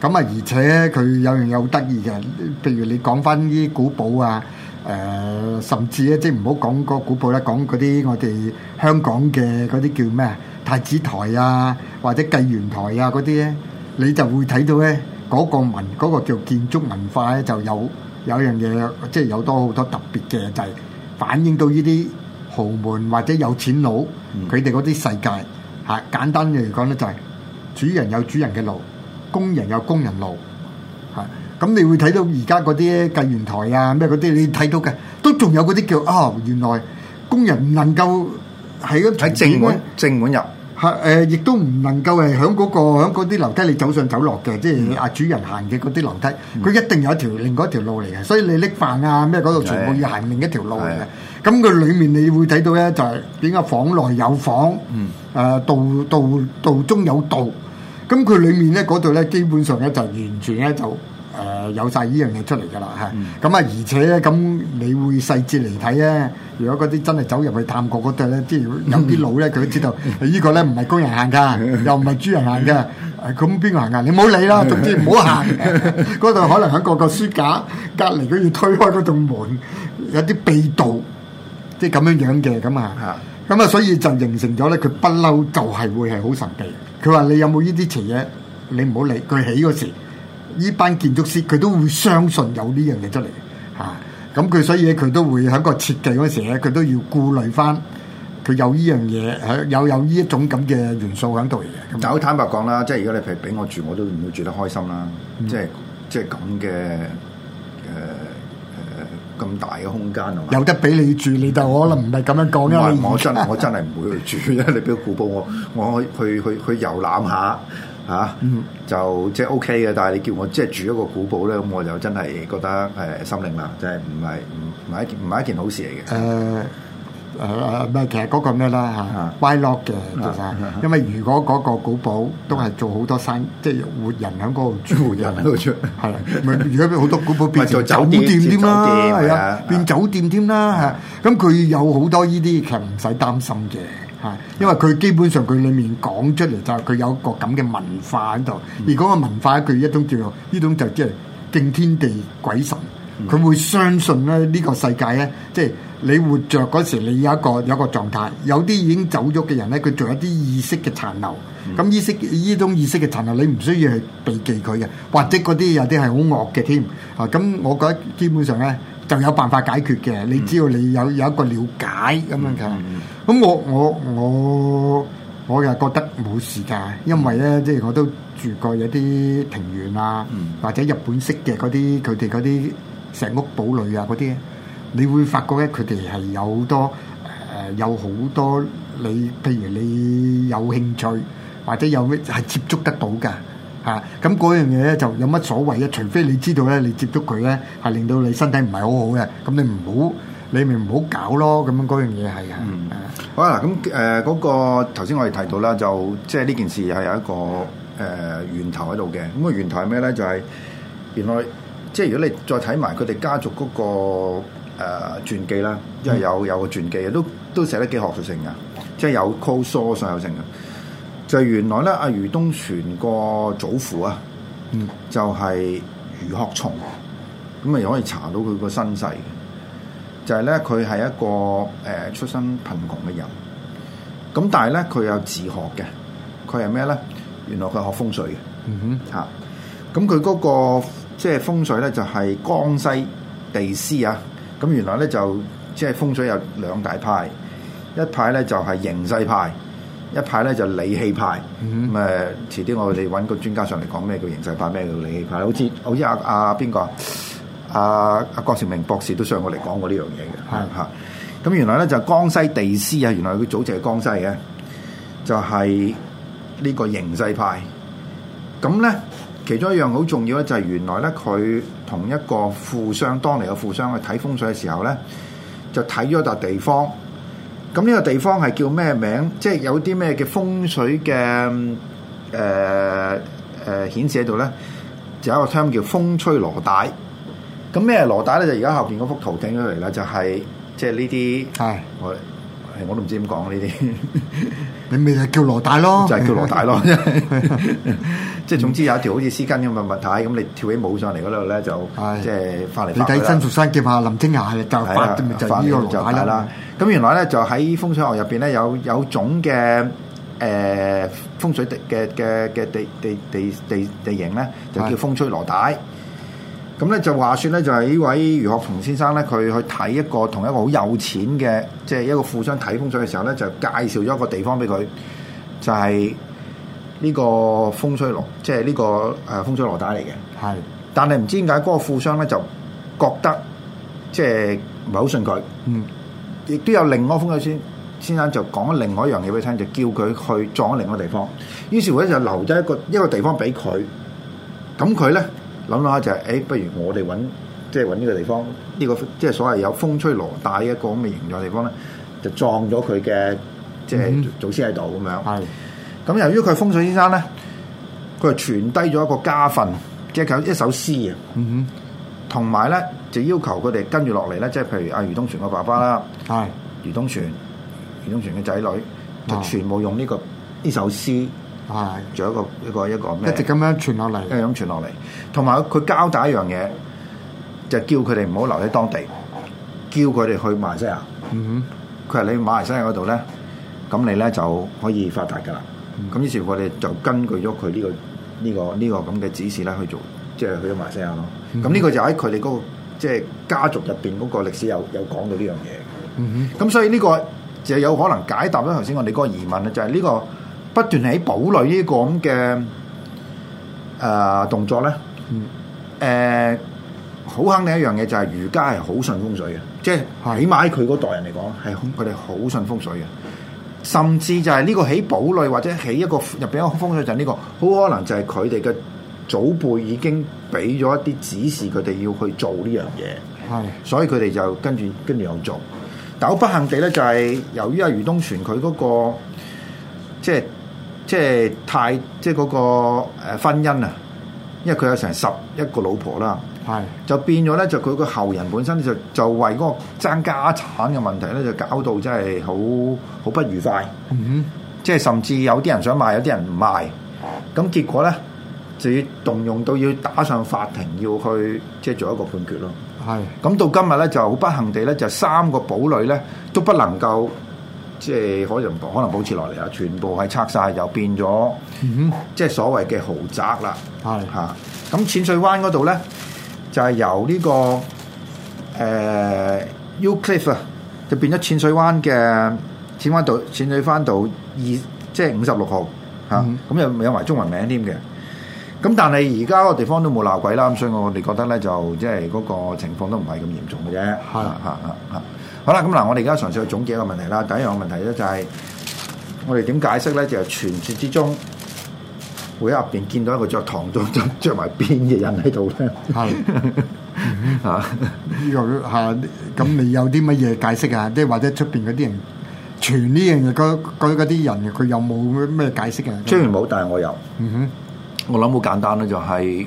咁啊，而且佢有樣嘢好得意嘅，譬如你講翻啲古堡啊，誒，甚至咧，即係唔好講個古堡咧，講嗰啲我哋香港嘅嗰啲叫咩啊，太子台啊，或者繼園台啊嗰啲咧，你就會睇到咧。嗰個文嗰個叫建築文化咧，就有有一樣嘢，即係有多好多特別嘅，就係反映到呢啲豪門或者有錢佬佢哋嗰啲世界吓。簡單嘅嚟講咧，就係主人有主人嘅路，工人有工人路吓。咁你會睇到而家嗰啲繼園臺啊咩嗰啲，你睇到嘅都仲有嗰啲叫哦，原來工人唔能夠喺喺正門正門入。係誒，亦都唔能夠係喺嗰個喺嗰啲樓梯你走上走落嘅，即係阿主人行嘅嗰啲樓梯，佢、mm hmm. 一定有一條另外一條路嚟嘅。所以你拎飯啊咩嗰度，全部要行另一條路嘅。咁佢、mm hmm. 裡面你會睇到咧，就係點解房內有房，誒道道道中有道。咁佢裡面咧嗰度咧，基本上咧就完全咧就。誒有晒依樣嘢出嚟㗎啦嚇！咁啊，而且咧，咁你會細節嚟睇咧。如果嗰啲真係走入去探角嗰度咧，即係有啲老咧，佢都知道呢個咧唔係工人行噶，又唔係豬人行噶。咁邊個行噶？你唔好理啦，總之唔好行。嗰度可能喺個個書架隔離，佢要推開嗰棟門，有啲秘道，即係咁樣樣嘅咁啊。咁啊，所以就形成咗咧，佢不嬲就係會係好神秘。佢話你有冇呢啲邪嘢？你唔好理佢起嗰時。呢班建築師佢都會相信有呢樣嘢出嚟嚇。咁佢所以佢都會喺個設計嗰時咧，佢都要顧慮翻佢有呢樣嘢喺，有有呢一種咁嘅元素喺度嚟嘅。但好坦白講啦，即係如果你譬如俾我住，我都唔會住得開心啦。即係即係咁嘅誒，誒，咁大嘅空間，有得俾你住，你就可能唔係咁樣講，因為我真我真係唔會去住，因為你俾個古堡我，我去去去遊覽下。嚇，就即係 OK 嘅，但係你叫我即係住一個古堡咧，咁我就真係覺得誒心靈難，真係唔係唔唔係一件唔係一件好事嚟嘅。誒誒唔係，其實嗰個咩啦 b 嚇，歪落嘅其實，因為如果嗰個古堡都係做好多生意即係活人喺嗰個住戶入面度住，係如果家好多古堡變咗酒店添啦，係啊，變酒店添啦嚇。咁佢有好多呢啲，其實唔使擔心嘅。因為佢基本上佢裡面講出嚟就係佢有一個咁嘅文化喺度，而嗰個文化佢一種叫做呢種就即係敬天地鬼神，佢會相信咧呢個世界咧，即係你活著嗰時你有一個有一個狀態，有啲已經走咗嘅人咧，佢仲有啲意識嘅殘留，咁意識呢種意識嘅殘留你唔需要去避忌佢嘅，或者嗰啲有啲係好惡嘅添啊！咁我覺得基本上咧。就有辦法解決嘅，你只要你有有一個了解咁、嗯、樣嘅。咁、嗯嗯、我我我我又覺得冇時間，因為咧、嗯、即係我都住過有啲庭園啊，或者日本式嘅嗰啲佢哋嗰啲石屋堡壘啊嗰啲，你會發覺咧佢哋係有好多誒、呃，有好多你譬如你有興趣或者有咩係接觸得到嘅。嚇！咁嗰樣嘢咧，就有乜所謂啊？除非你知道咧，你接觸佢咧，係令到你身體唔係好好嘅，咁你唔好，你咪唔好搞咯。咁樣嗰樣嘢係啊。嗯。嗯好啦，咁誒嗰個頭先我哋提到啦，就即係呢件事係有一個誒、呃、源頭喺度嘅。咁個源頭係咩咧？就係、是、原來即係如果你再睇埋佢哋家族嗰、那個誒、呃、傳記啦，因為有、嗯、有個傳記，都都寫得幾學術性嘅，即係有 close source 有成嘅。就原來咧，阿余東泉個祖父啊，嗯、就係余學松，咁啊又可以查到佢個身世嘅。就係、是、咧，佢係一個誒、呃、出身貧窮嘅人，咁但係咧佢有自學嘅，佢係咩咧？原來佢係學風水嘅，嗯、哼嚇。咁佢嗰個即係風水咧，就係、是、江西地師啊。咁原來咧就即係、就是、風水有兩大派，一派咧就係、是、形勢派。一派咧就理氣派，咁誒、mm hmm. 嗯、遲啲我哋揾個專家上嚟講咩叫形勢派，咩叫理氣派。好似好似阿阿邊個啊？阿、啊啊啊、郭兆明博士都上過嚟講過呢樣嘢嘅。係咁、 *music* 嗯嗯嗯、原來咧就江西地師啊，原來佢祖籍係江西嘅，就係呢個形勢派。咁咧其中一樣好重要咧，就係原來咧佢同一個富商當年嘅富商去睇風水嘅時候咧，就睇咗一笪地方。咁呢個地方係叫咩名？即係有啲咩嘅風水嘅誒誒顯示喺度咧，就有一個 term 叫風吹羅帶。咁咩係羅帶咧？就而家後邊嗰幅圖掹出嚟啦，就係即係呢啲係，我係我都唔知點講呢啲。你咪係叫羅帶咯，就係叫羅帶咯。即係總之有一條好似絲巾咁嘅物體，咁你跳起舞上嚟嗰度咧，就係即係發嚟發去。你睇新蜀山劍俠林青霞教法，就係呢個羅帶啦。咁原來咧就喺風水學入邊，咧有有種嘅誒、呃、風水的嘅嘅嘅地地地地地形咧就叫風吹羅帶。咁咧是的 就話説咧就係呢位余學同先生咧，佢去睇一個同一個好有錢嘅即係一個富商睇風水嘅時候咧，就介紹咗一個地方俾佢，就係、是、呢個風吹羅，即係呢個誒風吹羅帶嚟嘅。係。是的 但係唔知點解嗰個富商咧，就覺得即係唔係好信佢。嗯。亦都有另外一個風水先，先生就講咗另外一樣嘢俾佢聽，就叫佢去撞另外一個地方。於是乎咧就留低一個一個地方俾佢。咁佢咧諗諗下就係、是，誒、欸、不如我哋揾即係揾呢個地方，呢、這個即係所謂有風吹羅帶一個咁嘅形狀嘅地方咧，就撞咗佢嘅即係祖先喺度咁樣。係的。咁由於佢係風水先生咧，佢就傳低咗一個家訓，即係有一首詩啊。嗯哼。同埋咧，就要求佢哋跟住落嚟咧，即係譬如阿余東璇個爸爸啦，係的余東璇、余東璇嘅仔女，就全部用呢、這個呢首詩，係的做一個一個一個咩，一,一直咁樣傳落嚟，咁樣傳落嚟。同埋佢交代一樣嘢，就叫佢哋唔好留喺當地，叫佢哋去馬來西亞。嗯哼，佢話你馬來西亞嗰度咧，咁你咧就可以發達噶啦。咁、嗯、哼於是，我哋就根據咗佢呢個呢、這個呢、這個咁嘅、這個這個、指示咧去做。即係去咗馬西亞咯，咁呢、嗯嗯、個就喺佢哋嗰個即係家族入邊嗰個歷史有有講到呢樣嘢，咁、嗯嗯嗯、所以呢個就有可能解答咗頭先我哋嗰個疑問啦，就係、是、呢個不斷喺堡壘呢個咁嘅誒動作咧，誒、呃、好肯定一樣嘢就係儒家係好信風水嘅，即、就、係、是、起碼喺佢嗰代人嚟講係佢哋好信風水嘅，甚至就係呢個起堡壘或者起一個入邊一個風水就係呢、這個，好可能就係佢哋嘅。祖輩已經俾咗一啲指示，佢哋要去做呢樣嘢，係，是的 所以佢哋就跟住跟住又做。但好不幸地咧，就係由於阿余東泉佢嗰個，即係即係太即係嗰個誒婚姻啊，因為佢有成十一個老婆啦，係，是的 就變咗咧就佢個後人本身就就為嗰個爭家產嘅問題咧，就搞到真係好好不愉快，嗯哼，即係甚至有啲人想賣，有啲人唔賣，咁結果咧。就要動用到要打上法庭，要去即係做一個判決咯。係咁是的 到今日咧，就好不幸地咧，就三個堡壘咧都不能夠即係可能保可能保持落嚟啊！全部係拆晒，又變咗，嗯、哼 即係所謂嘅豪宅啦。係嚇咁，淺水灣嗰度咧就係由呢個誒 Eucliff 啊，就變咗淺水灣嘅淺水灣道、淺水灣道二，即係五十六號嚇，咁又有埋中文名添嘅。嗯嗯嗯咁但係而家個地方都冇鬧鬼啦，咁所以我哋覺得咧就即係嗰個情況都唔係咁嚴重嘅啫。係啊，嚇嚇嚇！好啦，咁嗱，我哋而家嘗試去總結一個問題啦。第一樣問題咧就係我哋點解釋咧？就係傳説之中會入邊見到一個着唐裝、着埋辮嘅人喺度咧。呢個，咁你有啲乜嘢解釋啊？即係或者出邊嗰啲人傳呢樣嘢？嗰嗰啲人佢有冇咩解釋啊？雖然冇，但係我有。哼。我諗好簡單咧，就是，就係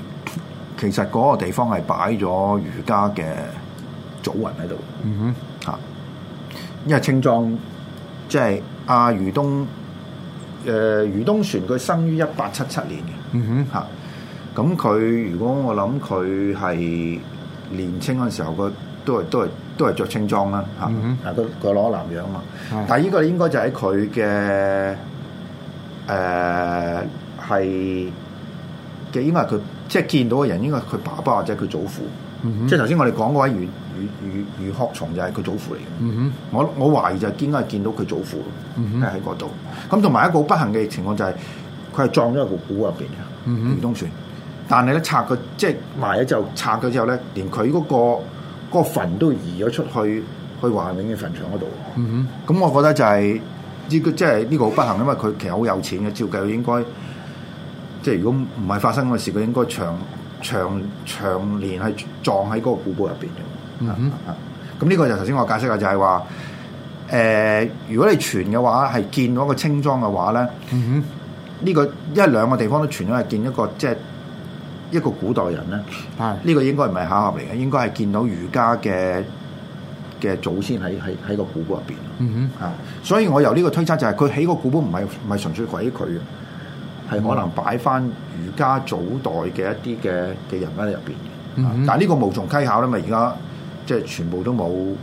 其實嗰個地方係擺咗儒家嘅祖云喺度。嗯哼，吓，因為青裝即係阿馀東，誒、呃、馀東璇佢生於一八七七年嘅。嗯哼，吓、啊，咁佢如果我諗佢係年青嗰陣時候，佢都係都係都係着青裝啦。吓、嗯哼，吓、啊，佢佢攞南洋嘛。嗯、哼但係呢個應該就喺佢嘅，誒、呃、係。嘅應該係佢即係見到嘅人，應該係佢爸爸或者佢祖父，嗯、哼即係頭先我哋講嗰位余余余余鶴松就係佢祖父嚟嘅。嗯、哼我我懷疑就係應該係見到佢祖父喺嗰度。咁同埋一個好不幸嘅情況就係佢係撞咗個古古入邊嘅，余東璇。但係咧拆佢即係埋咗之後拆咗之後咧，連佢嗰、那個嗰、那個墳都移咗出去去華永嘅墳場嗰度。咁、嗯、哼我覺得就係呢即係呢個好不幸，因為佢其實好有錢嘅，照計應該。即係如果唔係發生嗰個事，佢應該長長長年係撞喺嗰個古堡入邊嘅。咁呢個就頭先我解釋啊，就係話誒，如果你傳嘅話，係見嗰個清裝嘅話咧，呢個一兩個地方都傳咗，係見一個即係一個古代人咧。呢個應該唔係巧合嚟嘅，應該係見到儒家嘅嘅祖先喺喺喺個古堡入邊。啊，所以我由呢個推測就係佢喺個古堡唔係唔係純粹鬼佢嘅。係可能擺翻儒家祖代嘅一啲嘅嘅人喺入邊，但係呢個無從稽考啦嘛！而家即係全部都冇誒、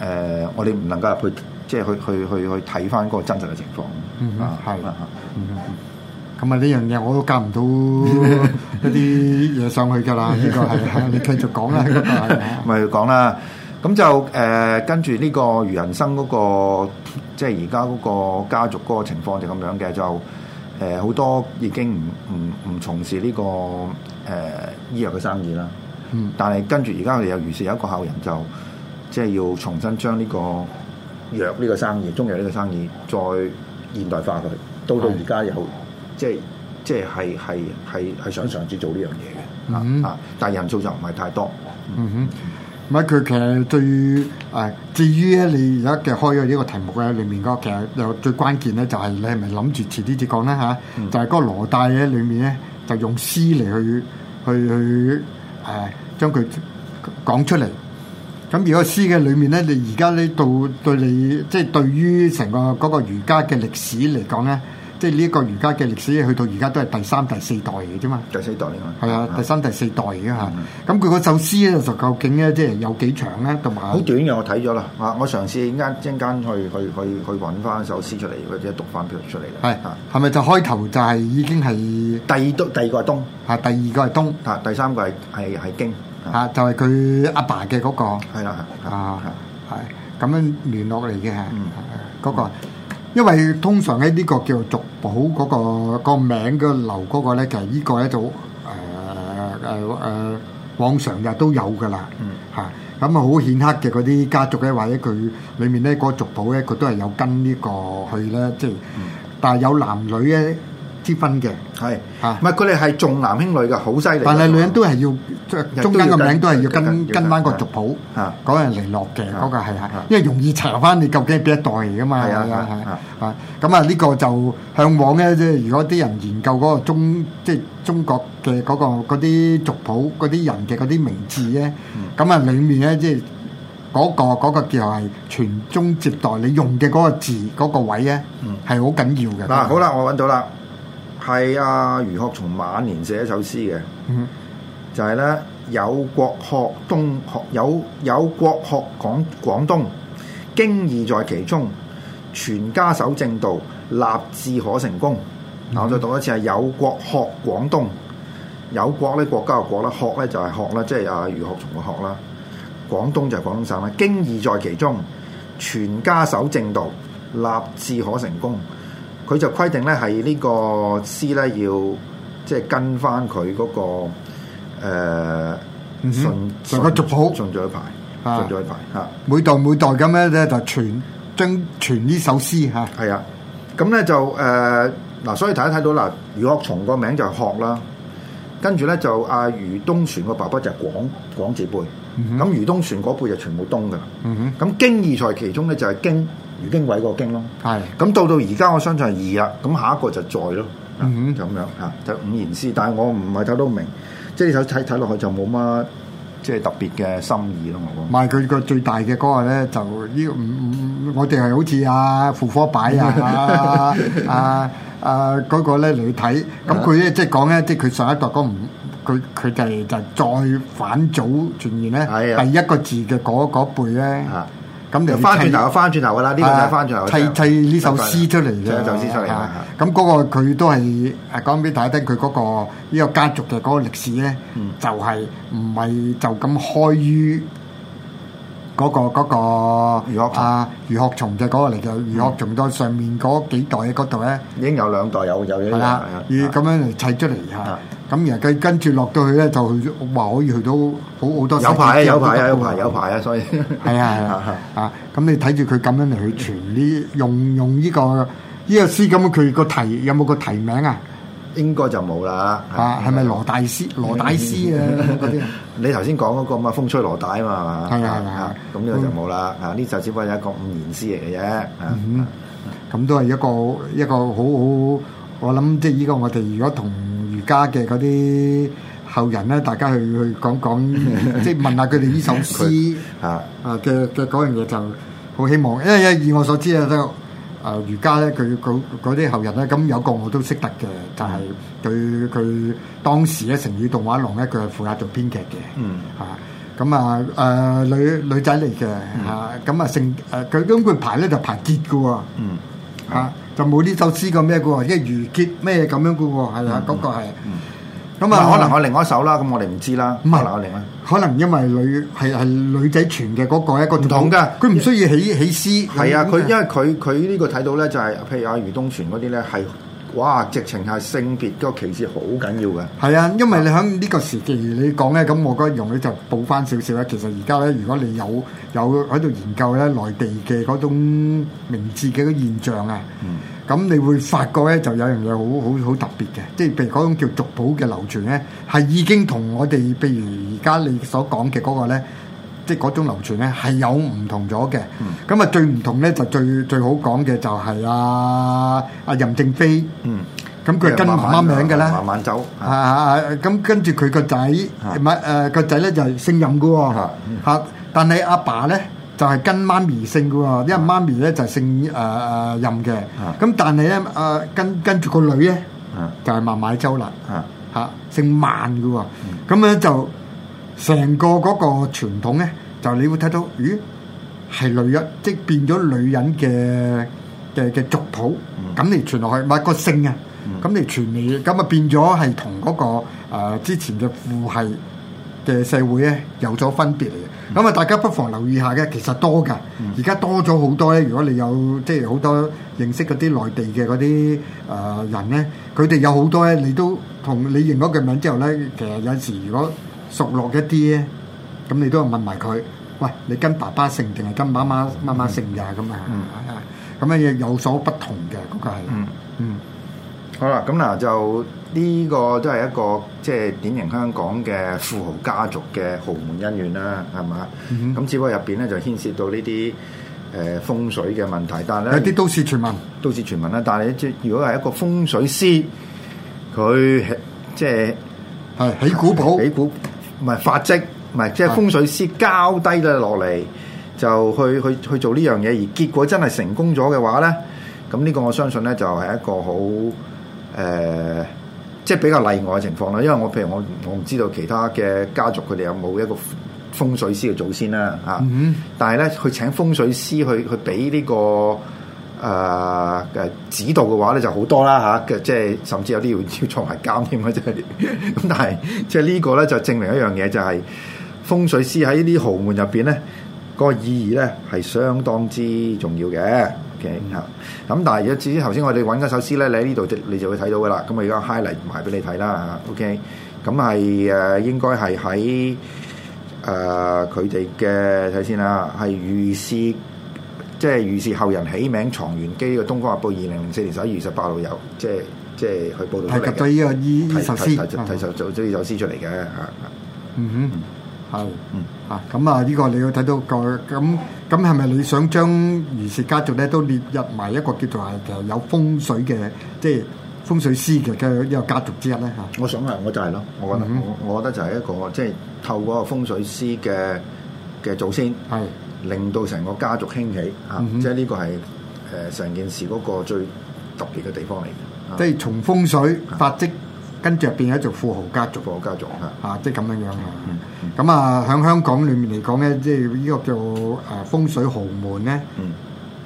呃，我哋唔能夠入去，即係去去去去睇翻嗰個真實嘅情況。嗯、哼啊，係啦的，咁啊呢樣嘢我都夾唔到一啲嘢上去㗎啦！呢、這個係 *laughs* 你繼續講啦，咪講啦？咁 *laughs* 就誒、呃、跟住呢個余人生嗰、那個即係而家嗰個家族嗰個情況就咁樣嘅就樣。就誒好多已經唔唔唔從事呢、這個誒、呃、醫藥嘅生意啦，嗯，但係跟住而家我哋又如是有一個後人就即係、就是、要重新將呢個藥呢個生意中藥呢個生意再現代化佢，到到而家又即係即係係係係係想嘗試做呢樣嘢嘅，嗯、啊但係人數就唔係太多，嗯哼。唔係佢其實最誒、啊，至於咧你而家嘅開咗呢個題目咧，裡面嗰其實有最關鍵咧，嗯、就係你係咪諗住遲啲至講咧嚇？就係嗰個羅大嘅裡面咧，就用詩嚟去去去誒、啊，將佢講出嚟。咁如果詩嘅裡面咧，你而家呢度對你即係、就是、對於成個嗰個儒家嘅歷史嚟講咧。即係呢一個而家嘅歷史，去到而家都係第三、第四代嘅啫嘛。第四代嚟嘛？係啊，第三、第四代嘅嚇。咁佢嗰首詩咧，就究竟咧，即係有幾長咧，同埋好短嘅。我睇咗啦，啊，我嘗試一陣間去去去去揾翻首詩出嚟，或者讀翻佢出嚟啦。係，係咪就開頭就係已經係第二第二個係東，啊，第二個係東，啊，第三個係係係經，啊，就係佢阿爸嘅嗰個係啦，啊，係咁樣連落嚟嘅嚇，嗰因為通常喺呢個叫做族譜嗰個、嗰個名嘅、嗰個、流嗰、嗰個咧，個就係呢個一種誒誒誒往常日都有噶啦嚇，咁啊好顯赫嘅嗰啲家族咧，或者佢裏面咧嗰個族譜咧，佢都係有跟呢個去咧，即係，嗯、但係有男女咧。支分嘅係，唔係佢哋係重男輕女嘅，好犀利。但係女人都係要中間個名都係要跟跟翻個族譜，講人嚟落嘅嗰個係因為容易查翻你究竟係幾多代嚟噶嘛。係啊係啊，咁啊呢個就向往咧，即係如果啲人研究嗰個中即係中國嘅嗰個嗰啲族譜嗰啲人嘅嗰啲名字咧，咁啊裡面咧即係嗰個嗰個叫係傳宗接代，你用嘅嗰個字嗰個位咧，係好緊要嘅。嗱好啦，我揾到啦。係啊，余學松晚年寫一首詩嘅，嗯、就係咧，有國學東學有有國學廣廣東經義在其中，全家守正道，立志可成功。嗱，我再讀一次係有國學廣東，有國咧國家嘅國啦，學咧就係學啦，即係啊余學松嘅學啦，廣東就係廣東省啦，經義在其中，全家守正道，立志可成功。嗯佢就規定咧，係呢個詩咧要即係跟翻佢嗰個誒順順族譜，上咗一排，上咗一排嚇，每代每代咁咧就傳將傳呢首詩嚇，係啊，咁咧就誒嗱，所以大家睇到嗱，余學松個名就係學啦，跟住咧就阿余東璇個爸爸就係廣廣字輩，咁余東璇嗰輩就全部東噶啦，咁經二才其中咧就係經。已經毀個經咯，係咁的到到而家我相信係二啦，咁下一個就再咯，嗯哼啊、就咁樣嚇、啊，就五言詩，但係我唔係睇到明，即係睇睇落去就冇乜即係特別嘅心意咯，唔係佢個最大嘅歌咧，就呢五五，我哋係好似阿、啊、傅科擺啊， *laughs* 啊，啊啊嗰、那個咧你睇，咁佢咧即係講咧，即係佢上一代歌唔，佢佢哋就再反祖傳言咧，的第一個字嘅嗰嗰輩咧。 *laughs* 咁嚟翻轉頭，翻轉頭噶啦，呢個就係翻轉頭砌砌呢首詩出嚟啫，首詩出嚟咁，嗰個佢都係誒講俾大家聽，佢嗰、那個呢、這個家族嘅嗰個歷史咧，就係唔係就咁開於嗰、那個嗰、那個余學松啊，余學松嘅嗰個嚟嘅。嗯、余學松在上面嗰幾代嗰度咧，已經有兩代有有咗啦，以咁、啊、樣嚟砌出嚟嚇。啊啊咁然後跟跟住落到去咧，就話可以去到好好多。有排啊，有排啊，有排啊，有排啊，所以係啊，啊咁你睇住佢咁樣嚟去傳呢？用用呢個呢個詩咁佢個題有冇個題名啊？應該就冇啦。啊，係咪羅大師？羅大師啊，嗰啲你頭先講嗰個嘛，風吹羅帶啊嘛，係嘛？係啊係啊。咁樣就冇啦。啊，呢就只不過係一個五言詩嚟嘅啫。咁都係一個一個好好。我諗即係依家我哋如果同。家嘅嗰啲後人咧，大家去去講講，即係問下佢哋呢首詩啊嘅嘅嗰樣嘢就好希望，因為以我所知啊，都啊余家咧，佢嗰啲後人咧，咁有個我都識得嘅，就係佢佢當時嘅成語動畫廊咧，佢係負責做編劇嘅，嗯啊，咁啊誒女女仔嚟嘅，啊咁啊姓誒佢咁佢排咧就排結嘅喎，嗯啊。就冇呢首詩咁咩嘅喎，即係預結咩咁樣嘅喎，係啦，嗰、嗯、個係，咁啊可能我另外一首啦，咁我哋唔知啦。唔係，可能可能因為女係係女仔傳嘅嗰、嗰個一個傳統嘅，佢唔懂需要起起詩。係啊，佢因為佢佢呢個睇到咧就係、係，譬如阿余東璇嗰啲咧係。哇！直情係性別個歧視好緊要嘅。係啊，因為你喺呢個時期，你講咧，咁我覺得用咧就補翻少少啦。其實而家咧，如果你有有喺度研究咧，內地嘅嗰種名字嘅個現象啊，咁、嗯、你會發覺咧，就有樣嘢好好好特別嘅，即係譬如嗰種叫族譜嘅流傳咧，係已經同我哋，譬如而家你所講嘅嗰個咧。即係嗰種流傳咧係有唔同咗嘅，咁啊最唔同咧就最最好講嘅就係阿阿任正非，咁佢跟媽名嘅啦，慢慢走，啊啊啊！咁跟住佢個仔，唔係誒個仔咧就姓任嘅喎，嚇，但係阿爸咧就係跟媽咪姓嘅喎，因為媽咪咧就姓誒誒任嘅，咁但係咧誒跟跟住個女咧就係慢慢周啦，嚇，姓萬嘅喎，咁咧就。成個嗰個傳統咧，就你會睇到，咦，係女人，即變咗女人嘅嘅嘅族譜，咁你、mm. 傳落去，唔係個姓啊，咁、mm. 你傳嚟，咁啊變咗係同嗰個、呃、之前嘅父系嘅社會咧有咗分別嚟嘅。咁啊，大家不妨留意下嘅，其實多噶，而家多咗好多咧。如果你有即係好多認識嗰啲內地嘅嗰啲誒人咧，佢哋有好多咧，你都同你認咗個名之後咧，其實有時如果熟落一啲咧，咁你都係問埋佢。喂，你跟爸爸姓定係跟媽媽媽媽姓呀？咁啊，咁樣嘢有所不同嘅嗰個係。嗯嗯，好啦，咁嗱就呢個都係一個即係典型香港嘅富豪家族嘅豪門恩怨啦，係咪？咁只不過入邊咧就牽涉到呢啲誒風水嘅問題，但係咧有啲都市傳聞，都市傳聞啦。但係即係如果係一個風水師，佢即係係喺古堡起古。唔係法跡，唔係即係風水師交低咗落嚟，就去、啊、去去、去做呢樣嘢，而結果真係成功咗嘅話咧，咁呢個我相信咧就係、是、一個好誒、呃，即係比較例外嘅情況啦。因為我譬如我我唔知道其他嘅家族佢哋有冇一個風水師嘅祖先啦嚇，啊嗯、但係咧去請風水師去去俾呢、這個。誒嘅、呃、指導嘅話咧就好多啦嚇嘅、啊，即係甚至有啲要要坐埋監添啊！真係咁，但係即係呢個咧就證明一樣嘢，就係、是、風水師喺呢啲豪門入邊咧，那個意義咧係相當之重要嘅。o、okay? 咁、啊、但係有至於頭先我哋揾一首詩咧，你喺呢度你就會睇到噶啦。咁我而家 highlight 埋俾你睇啦。OK，咁係誒應該係喺誒佢哋嘅睇先啦，係預示。即係如是後人起名「藏元基」嘅《東方日報》二零零四年十一月十八號有即係即係去報導，提及咗呢個依依祖先，提提提提出咗啲出嚟嘅嚇。嗯哼，係。啊，咁啊，呢個你要睇到個咁咁係咪你想將如是家族咧都列入埋一個叫做係有風水嘅即係風水師嘅嘅一個家族之一咧嚇？我想係，我就係咯，我覺得我覺得就係一個即係透過個風水師嘅嘅祖先係。令到成個家族興起，嚇，即係呢個係誒成件事嗰個最特別嘅地方嚟嘅，即係從風水發跡，跟住入邊一做富豪家族，富豪家族嚇，即係咁樣樣啦。咁啊，喺香港裡面嚟講咧，即係呢個叫誒風水豪門咧，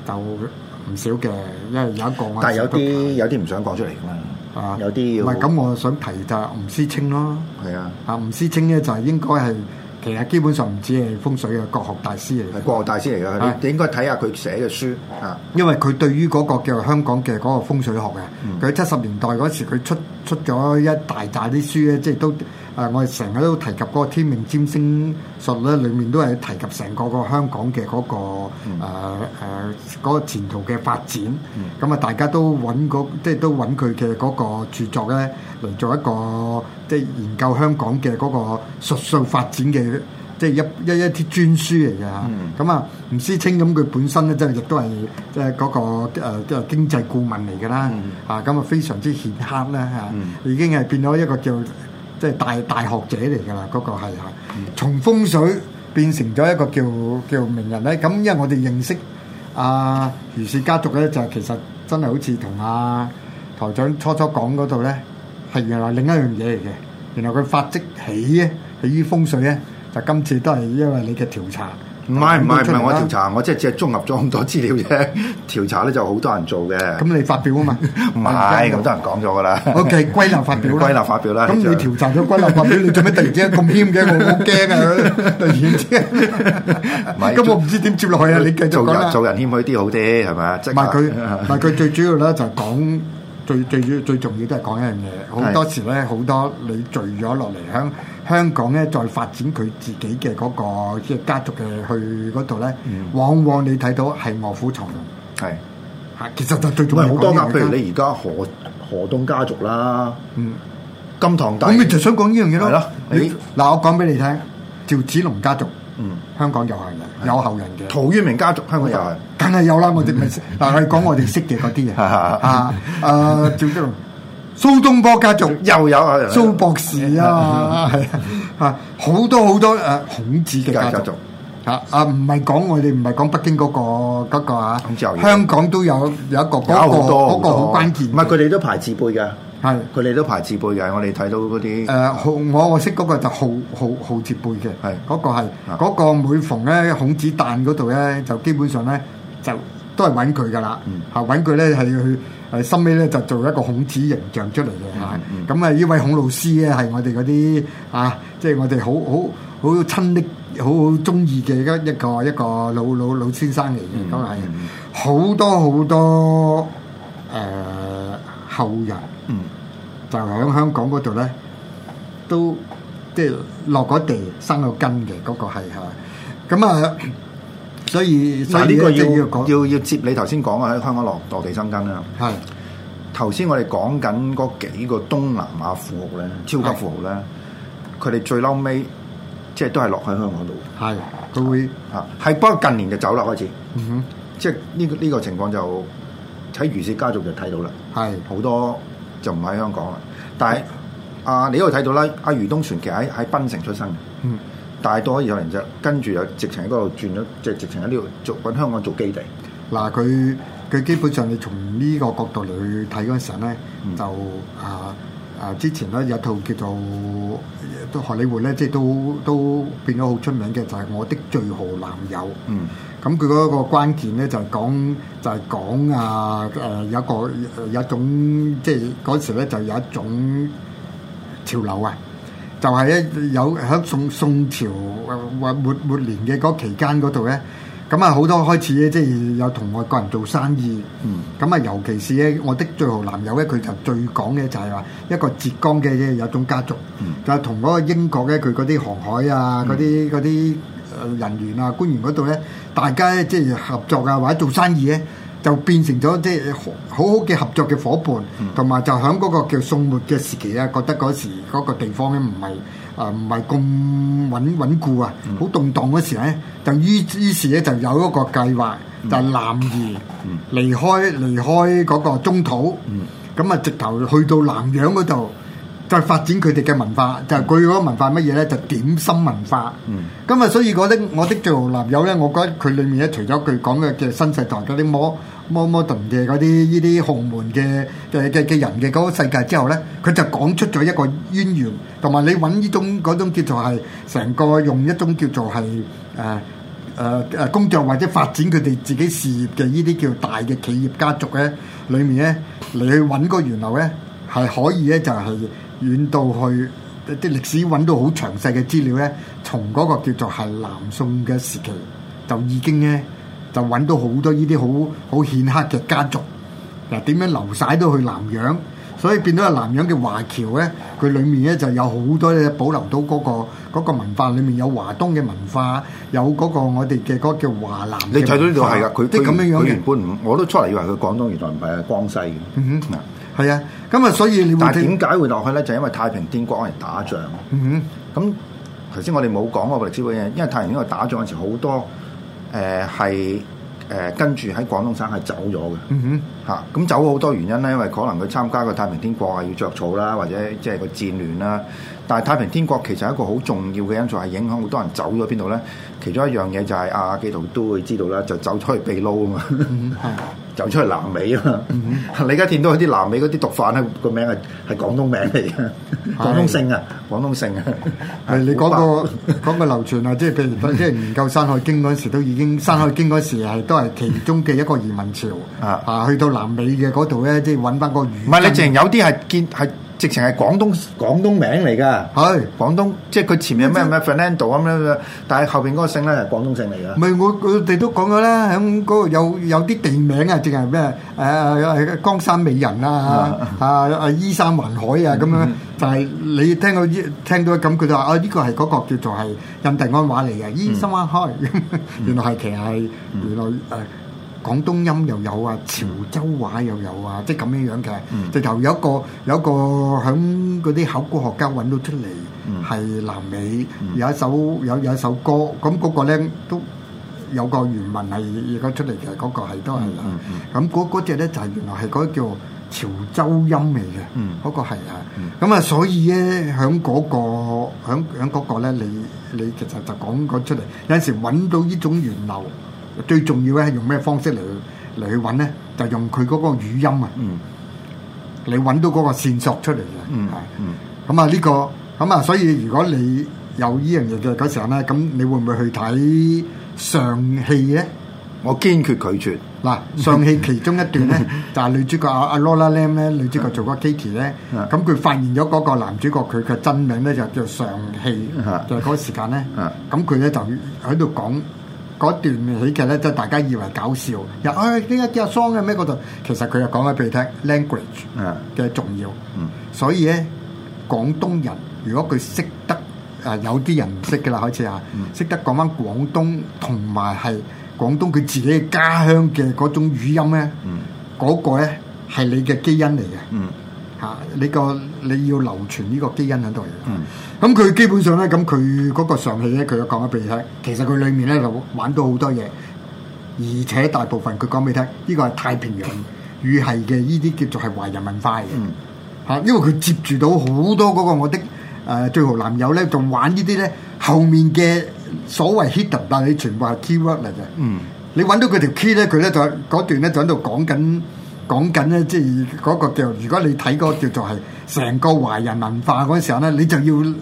就唔少嘅，因為有一個，但係有啲有啲唔想講出嚟㗎嘛，啊，有啲唔係咁，我想提就吳師青咯，係啊，啊吳師青咧就應該係。其實基本上唔止係風水嘅國學大師嚟，嘅。國學大師嚟嘅，是你應該睇下佢寫嘅書，啊，因為佢對於嗰個叫香港嘅嗰個風水學嘅，佢喺七十年代嗰時佢出出咗一大扎啲書咧，即係都。誒，我哋成日都提及嗰個《天命占星術》咧，裡面都係提及成個個香港嘅嗰、嗰個誒誒、嗯呃嗰個、前途嘅發展。咁啊、嗯，大家都揾、嗰個、即係都揾佢嘅嗰個著作咧，嚟做一個即係研究香港嘅嗰個術數發展嘅即係一一一啲專書嚟嘅嚇。咁、嗯、啊，吳思清咁佢本身咧，真係亦都係即係嗰、嗰個誒、呃、經濟顧問嚟嘅啦。嗯、啊，咁啊非常之顯赫啦嚇、啊，已經係變咗一個叫。即係大大學者嚟㗎啦，嗰個係啊，從風水變成咗一個叫叫名人咧。咁因為我哋認識阿余氏家族咧，就其實真係好似同阿台長初初講嗰度咧，係原來另一樣嘢嚟嘅。原來佢發跡起咧，起於風水咧，就今次都係因為你嘅調查。唔係唔係唔係，我調查，我即係只係綜合咗咁多資料啫。調查咧就好多人做嘅。咁你發表啊嘛？唔係咁多人講咗噶啦。OK，歸納發表啦。歸納發表啦。咁你調查咗歸納發表，你做咩突然之間咁謙嘅？我好驚啊！突然之間。唔係。咁我唔知點接落去啊！你繼續講啦。做人做人謙虛啲好啲係咪？唔係佢唔係佢最主要咧就係講最最主要最重要都係講一樣嘢。好多時咧好多你聚咗落嚟響。香港咧再發展佢自己嘅嗰個即係家族嘅去嗰度咧，往往你睇到係卧虎藏龍。係，其實就最重係好多啊！譬如你而家何何東家族啦，嗯，金堂，咁咪就想講呢樣嘢咯。你嗱，我講俾你聽，趙子龍家族，嗯，香港有後人，有後人嘅。陶淵明家族，香港有，梗係有啦。我哋咪嗱，我講我哋識嘅嗰啲嘢。啊啊啊啊！趙子龍蘇東坡家族又有啊，蘇博士啊，係啊，好多好多誒，孔子嘅家族，啊啊唔係講我哋唔係講北京嗰個嗰個啊，香港都有有一個嗰個嗰個好關鍵，唔係佢哋都排字輩噶，係佢哋都排字輩噶，我哋睇到嗰啲誒浩，我我識嗰個就好浩浩字輩嘅，係嗰個係嗰個每逢咧孔子誕嗰度咧就基本上咧就。都係揾佢噶啦，嚇揾佢咧係要去，誒心尾咧就做一個孔子形象出嚟嘅嚇。咁、嗯嗯、啊，呢位孔老師咧係我哋嗰啲啊，即係我哋好好好親暱、好好中意嘅一一個一個,一個老老老先生嚟嘅，咁係好多好多誒、呃、後人，嗯，就喺香港嗰度咧都即係落個地生個根、那個根嘅，嗰個係咁啊～啊啊啊所以，嗱呢個要要要接你頭先講嘅喺香港落落地生根啦。係頭先我哋講緊嗰幾個東南亞富豪咧，超級富豪咧，佢哋是最嬲尾，即係都係落喺香港度。係佢是以會嚇係不過近年就走啦開始，嗯哼，即係、呢、呢個呢、呢個情況就喺余氏家族就睇到啦。係好是多就唔喺香港啦，但係阿是、啊、你度睇到啦，阿余東璇喺喺檳城出生嘅，嗯。大多可以有人啫，跟住又直情喺嗰度轉咗，即係直情喺呢度做揾香港做基地。嗱，佢佢基本上你從呢個角度嚟睇嗰陣時咧，嗯、就啊啊、呃、之前咧有套叫做《都荷里活》咧，即係都都變咗好出名嘅，就係、是、我的最豪男友。嗯。咁佢嗰個關鍵咧就係、是、講就係、是、講啊誒、呃，有一個有一種即係嗰時咧就有一種潮流啊！就係一有喺宋宋朝誒末末，末年嘅嗰期間嗰度咧，咁啊好多開始即係有同外國人做生意。咁啊、嗯，尤其是咧，我的最後男友咧，佢就最講嘅就係話一個浙江嘅嘢，有種家族、嗯、就係同嗰個英國咧，佢嗰啲航海啊，嗰啲嗰啲人員啊、官員嗰度咧，大家即係合作啊，或者做生意咧。就變成咗即係好好嘅合作嘅夥伴，同埋、嗯、就喺嗰個叫宋末嘅時期咧，嗯、覺得嗰時嗰個地方咧唔係啊唔係咁穩穩固啊，好、嗯、動盪嗰時咧，就於於是咧就有一個計劃，嗯、就南移離開、嗯、離開嗰個中土，咁啊、嗯、直頭去到南洋嗰度。再發展佢哋嘅文化，就係佢嗰個文化乜嘢咧？就是、點心文化。咁啊、嗯，所以我啲我啲做男友咧，我覺得佢裏面咧，除咗佢講嘅嘅新世代嗰啲摩摩摩頓嘅嗰啲呢啲豪門嘅嘅嘅嘅人嘅嗰個世界之後咧，佢就講出咗一個淵源，同埋你揾呢種嗰種叫做係成個用一種叫做係誒誒誒工作或者發展佢哋自己事業嘅呢啲叫大嘅企業家族咧，裏面咧你去揾個源流咧，係可以咧就係、是。遠到去一啲歷史揾到好詳細嘅資料咧，從嗰個叫做係南宋嘅時期，就已經咧就揾到好多呢啲好好顯赫嘅家族。嗱，點樣流晒到去南洋，所以變到係南洋嘅華僑咧，佢裡面咧就有好多咧保留到嗰、嗰個嗰個文化，裡面有華東嘅文化，有嗰個我哋嘅嗰個叫華南。你睇到呢度係㗎，佢佢佢原本我都出嚟以為佢廣東，原來唔係啊，江西嘅。嗯哼、mm。Hmm. 係啊，咁啊，所以你但點解會落去咧？就係、因為太平天國人打仗。嗯哼，咁頭先我哋冇講過歷史嘅嘢，因為太平天國打仗嗰時好多誒係誒跟住喺廣東省係走咗嘅。嗯哼，嚇、啊，咁走好多原因咧，因為可能佢參加個太平天國啊，要着草啦，或者即係個戰亂啦。但係太平天國其實一個好重要嘅因素係影響好多人走咗邊度咧。其中一樣嘢就係阿紀陶都會知道啦，就走出去秘魯啊嘛。係、嗯哼。嗯走出去南美啊！嗯、哼你而家見到啲南美嗰啲毒販咧，個名係係廣東名嚟嘅的，廣東姓啊，廣東姓啊！係古巴 你講個講個流傳啊，即係譬如即係研究《山海經》嗰陣時，都已經《山海經》嗰時係都係其中嘅一個移民潮啊！啊，去到南美嘅嗰度咧，即係揾翻個魚唔係不你，淨有啲係見係。直情係廣東廣東名嚟㗎，係是廣東，即係佢前面咩咩 Fernando 咁樣，但係後邊嗰個姓咧係廣東姓嚟㗎。唔係我我哋都講咗啦，喺嗰個有有啲地名啊，淨係咩誒江山美人 *laughs* 啊嚇啊依山環海啊咁樣，但係你聽到依聽到咁，佢就話啊呢、這個係嗰個叫做係印第安話嚟嘅依山環海，原來係其實係原來誒。呃廣東音又有啊，潮州話又有啊，即係咁樣樣嘅。直頭、嗯、有一個有一個響嗰啲考古學家揾到出嚟，係、嗯、南美、嗯、有一首有有一首歌，咁嗰個咧都有個原文係而家出嚟嘅，嗰、嗰個係都係啦。咁嗰嗰隻咧就係原來係嗰叫潮州音嚟嘅，嗰、嗯、個係啊。咁啊、嗯，所以咧響嗰個響響嗰個咧，你你，你其實就講講出嚟，有陣時揾到呢種源流。最重要咧，係用咩方式嚟去嚟去揾咧？就是、用佢嗰個語音啊！你揾到嗰個線索出嚟嘅、嗯。咁、嗯、啊，呢、啊這個咁啊，所以如果你有呢樣嘢嘅嗰時候咧，咁你會唔會去睇上戲咧？我堅決拒絕。嗱，上戲其中一段咧，就係、是、女主角阿阿 Lola Lam 咧，女主角做嗰 Kitty 咧，咁、啊、佢、啊、發現咗嗰個男主角佢嘅真名咧，就叫上戲，就係、是、嗰時間咧，咁佢咧就喺度講。嗰段喜劇咧，即係大家以為搞笑，又啊呢一啲啊 song 嘅咩嗰度，其實佢又講緊俾你聽 language 嘅重要。所以咧，廣東人如果佢識得，誒有啲人唔識㗎喇，好似啊，識得講返廣東同埋係廣東佢自己嘅家鄉嘅嗰種語音咧，嗰個咧係你嘅基因嚟嘅。啊！你個你要留存呢個基因喺度嘅，咁佢、嗯、基本上咧，咁佢嗰個上戲咧，佢講俾你聽，其實佢裡面咧就玩到好多嘢，而且大部分佢講俾你聽，呢、呢個係太平洋語系嘅，呢啲叫做係華人文化嘅，嚇，嗯、因為佢接住到好多嗰個我的誒、呃、最後男友咧，仲玩呢啲咧，後面嘅所謂 hit 但你全部係 keyword 嚟嘅，嗯、你揾到佢條 key 咧，佢咧就嗰段咧就喺度講緊。講緊咧，即係嗰個叫，如果你睇嗰個叫做係成個華人文化嗰時候咧，你就要。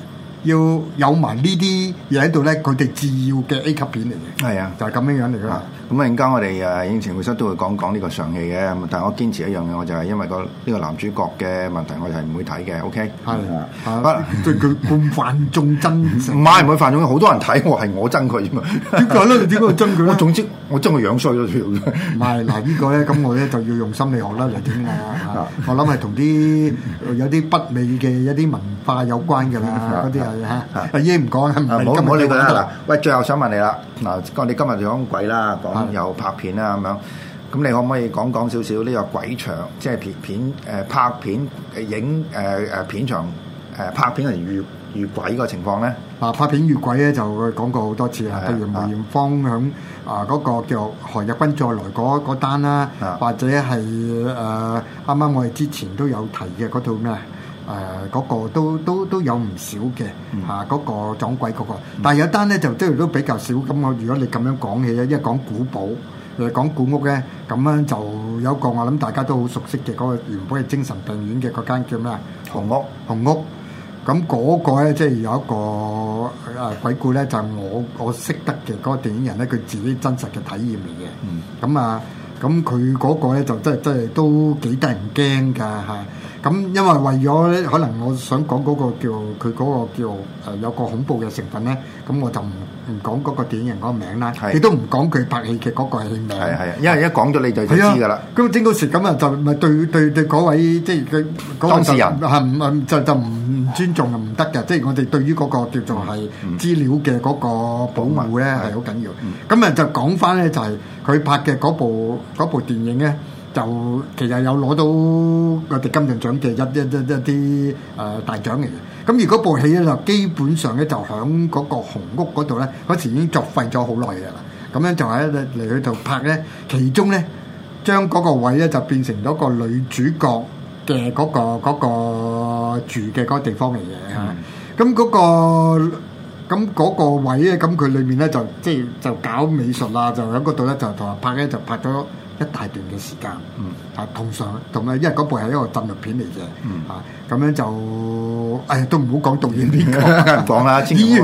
要有埋呢啲嘢喺度咧，佢哋主要嘅 A 級片嚟嘅。係啊，就係咁樣樣嚟嘅。咁啊，陣間我哋啊影評會室都會講講呢個上戲嘅。但係我堅持一樣嘅，我就係因為個呢個男主角嘅問題，我就係唔會睇嘅。O K。係。啊！即係佢咁犯眾憎。唔係唔會犯眾，好多人睇我係我憎佢啫嘛。點解咧？你點解憎佢咧？我總之我憎佢樣衰咯，主要。唔係嗱，呢個咧咁我咧就要用心理學啦嚟點啦嚇。我諗係同啲有啲不美嘅一啲文化有關㗎啦嗰啲啊。係啦，阿姨唔講啦，唔好唔好，理佢啦嗱？喂，最後想問你啦，嗱，咁你今日就講鬼啦，講又拍片啦咁樣，咁你可唔可以講講少少呢個鬼場，即係片片誒拍片影誒誒片場誒拍片嚟遇遇鬼個情況咧？啊，拍片遇鬼咧就講過好多次，呃、啊，譬如梅豔芳響啊嗰個叫何日君再來嗰單啦，或者係誒啱啱我哋之前都有提嘅嗰套咩？誒嗰、啊那個都都都有唔少嘅嚇，嗰、嗯啊那個撞鬼嗰、那個，嗯、但係有一單咧就即、是、都都比較少。咁我、嗯、如果你咁樣講起咧，一講古堡誒講古屋咧，咁樣就有個我諗大家都好熟悉嘅嗰、那個原本係精神病院嘅嗰間叫咩啊？紅屋紅屋，咁嗰、那個咧即係有一個誒、呃、鬼故咧，就係、是、我我識得嘅嗰個電影人咧，佢自己真實嘅體驗嚟嘅。嗯，咁、嗯、啊，咁佢嗰個咧就真係真係都幾得人驚㗎嚇。咁因為為咗可能我想講嗰個叫佢嗰個叫誒有個恐怖嘅成分咧，咁我就唔唔講嗰個電影嗰個名啦。亦都唔講佢拍戲嘅嗰個係戲名。係啊係啊，因為一講咗你就知㗎啦。咁整到時咁啊，就唔係對對嗰位即係嗰個當事人係唔就就唔尊重就唔得嘅。即係我哋對於嗰個叫做係資料嘅嗰個保密咧係好緊要。咁啊就講翻咧就係佢拍嘅嗰部部電影咧。就其實有攞到我哋金像獎嘅一一一一啲誒大獎嚟嘅。咁如果部戲咧就基本上咧就響嗰個紅屋嗰度咧，嗰時已經作廢咗好耐嘅啦。咁樣就喺嚟去度拍咧，其中咧將嗰個位咧就變成咗個女主角嘅嗰個嗰個住嘅嗰個地方嚟嘅。咁嗰個咁嗰個位咧，咁佢裏面咧就即係就搞美術啦，就喺嗰度咧就同人拍咧就拍咗一大段嘅時間，啊，碰上同啊，因為嗰部係一個戰略片嚟嘅，啊，咁樣就，誒，都唔好講導演片，啊，講啦， *laughs* 千祈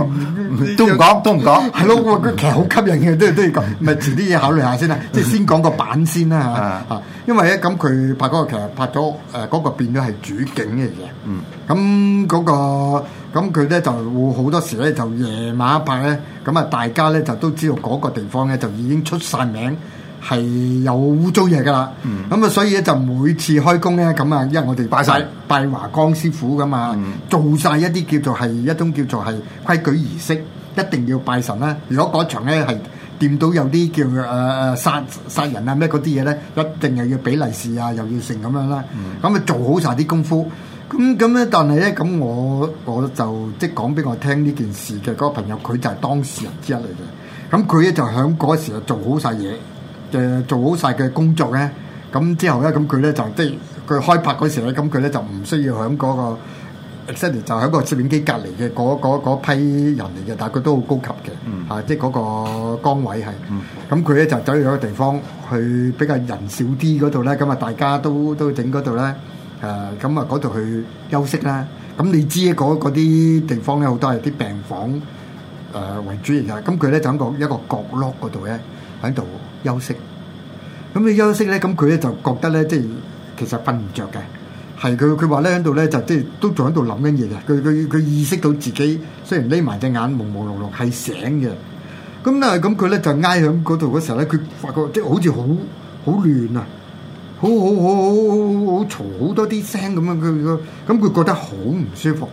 都唔講，都唔講，係咯 *laughs* 說，佢其實好吸引嘅，都都要咁，咪遲啲嘢考慮下 *laughs* 先啦，即係先講個版先啦嚇、嗯、因為咧咁佢拍嗰個劇拍咗誒嗰個變咗係主景嚟嘅，咁嗰、嗯嗰個咁佢咧就會好多時咧就夜晚一拍咧，咁啊大家咧就都知道嗰個地方咧就已經出晒名。係有污糟嘢㗎啦，咁啊、嗯，所以咧就每次開工咧咁啊，因為我哋拜曬拜華江師傅噶嘛，嗯、做晒一啲叫做係一種叫做係規矩儀式，一定要拜神啦。如果嗰場咧係掂到有啲叫誒誒、呃、殺殺人啊咩嗰啲嘢咧，一定又要俾利是啊，又要成咁樣啦。咁啊、嗯、做好晒啲功夫，咁咁咧，但係咧咁我我就即講俾我聽呢件事嘅嗰、嗰個朋友，佢就係當事人之一嚟嘅。咁佢咧就喺嗰時啊做好晒嘢。誒做好曬嘅工作咧，咁之後咧，咁佢咧就即係佢開拍嗰時咧，咁佢咧就唔需要喺嗰個，就喺個攝影機隔離嘅嗰嗰嗰批人嚟嘅，但係佢都好高級嘅，啊，即係嗰個崗位係，咁佢咧就走去一個地方，去比較人少啲嗰度咧，咁啊大家都都整嗰度咧，誒，咁啊嗰度去休息啦。咁你知嗰嗰啲地方咧，好多係啲病房誒為主㗎，咁佢咧就喺個一個角落嗰度咧喺度。休息，咁你休息咧，咁佢咧就覺得咧，即係其實瞓唔着嘅，係佢佢話咧喺度咧就即係都仲喺度諗緊嘢嘅，佢佢佢意識到自己雖然匿埋隻眼朦朦朧朧係醒嘅，咁但係咁佢咧就挨喺嗰度嗰時候咧，佢發覺即係好似好好亂啊，好好好好好好嘈好多啲聲咁樣，佢咁佢覺得好唔舒服，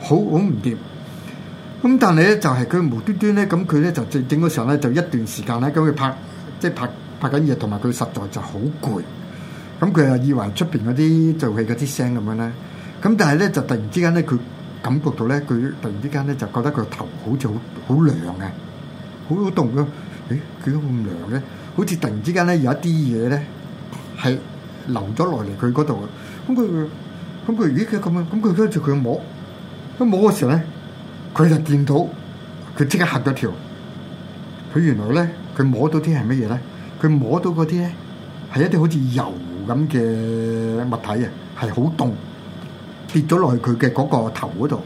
好好唔掂，咁但係咧就係佢無端端咧，咁佢咧就整嗰時候咧就一段時間咧咁佢拍。即係拍拍緊嘢，同埋佢實在就好攰。咁佢又以為出邊嗰啲做戲嗰啲聲咁樣咧。咁但係咧，就突然之間咧，佢感覺到咧，佢突然之間咧，就覺得佢個頭好似好好涼嘅、啊啊欸啊，好好凍嘅。誒，佢都會涼嘅？好似突然之間咧，有一啲嘢咧係流咗落嚟佢嗰度。咁佢，咁佢如果咁樣，咁佢跟住佢摸，佢摸嘅時候咧，佢就見到佢即刻嚇咗條。佢原來咧。佢摸到啲係乜嘢咧？佢摸到嗰啲咧係一啲好似油咁嘅物體啊，係好凍，跌咗落去佢嘅嗰個頭嗰度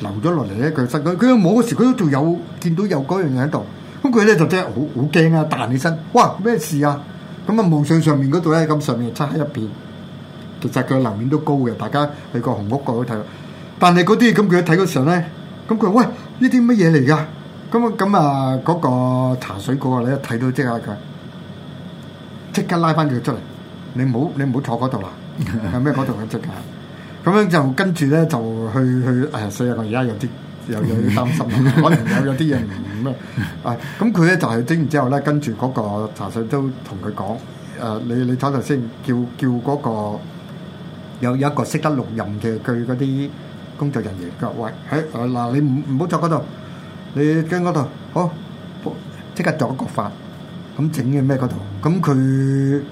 流咗落嚟咧。佢身佢佢摸嗰時佢都仲有見到有嗰樣嘢喺度，咁佢咧就真係好好驚啊！彈起身，哇咩事啊？咁啊望上上面嗰度咧，咁上面就漆喺入邊，其實佢樓面都高嘅，大家去個紅屋角都過去睇啦。但係嗰啲咁佢一睇嗰時候咧，咁佢話喂呢啲乜嘢嚟㗎？咁啊咁啊，嗰個茶水你一睇到即刻，即刻拉翻佢出嚟。你唔好你唔好坐嗰度啦，咩嗰度有，即刻咁樣就跟住咧就去去、哎呀，所以我而家有啲有有啲擔心。 *laughs* 可能有有啲嘢唔咩啊。咁佢咧就係整完之後咧，跟住嗰個茶水都同佢講，誒、啊、你你坐下先，叫叫嗰個有有一個識得錄音嘅佢嗰啲工作人員，各位喺嗱，你唔唔好坐嗰度。你跟嗰度，好，即刻做一個法，咁整嘅咩嗰度？咁佢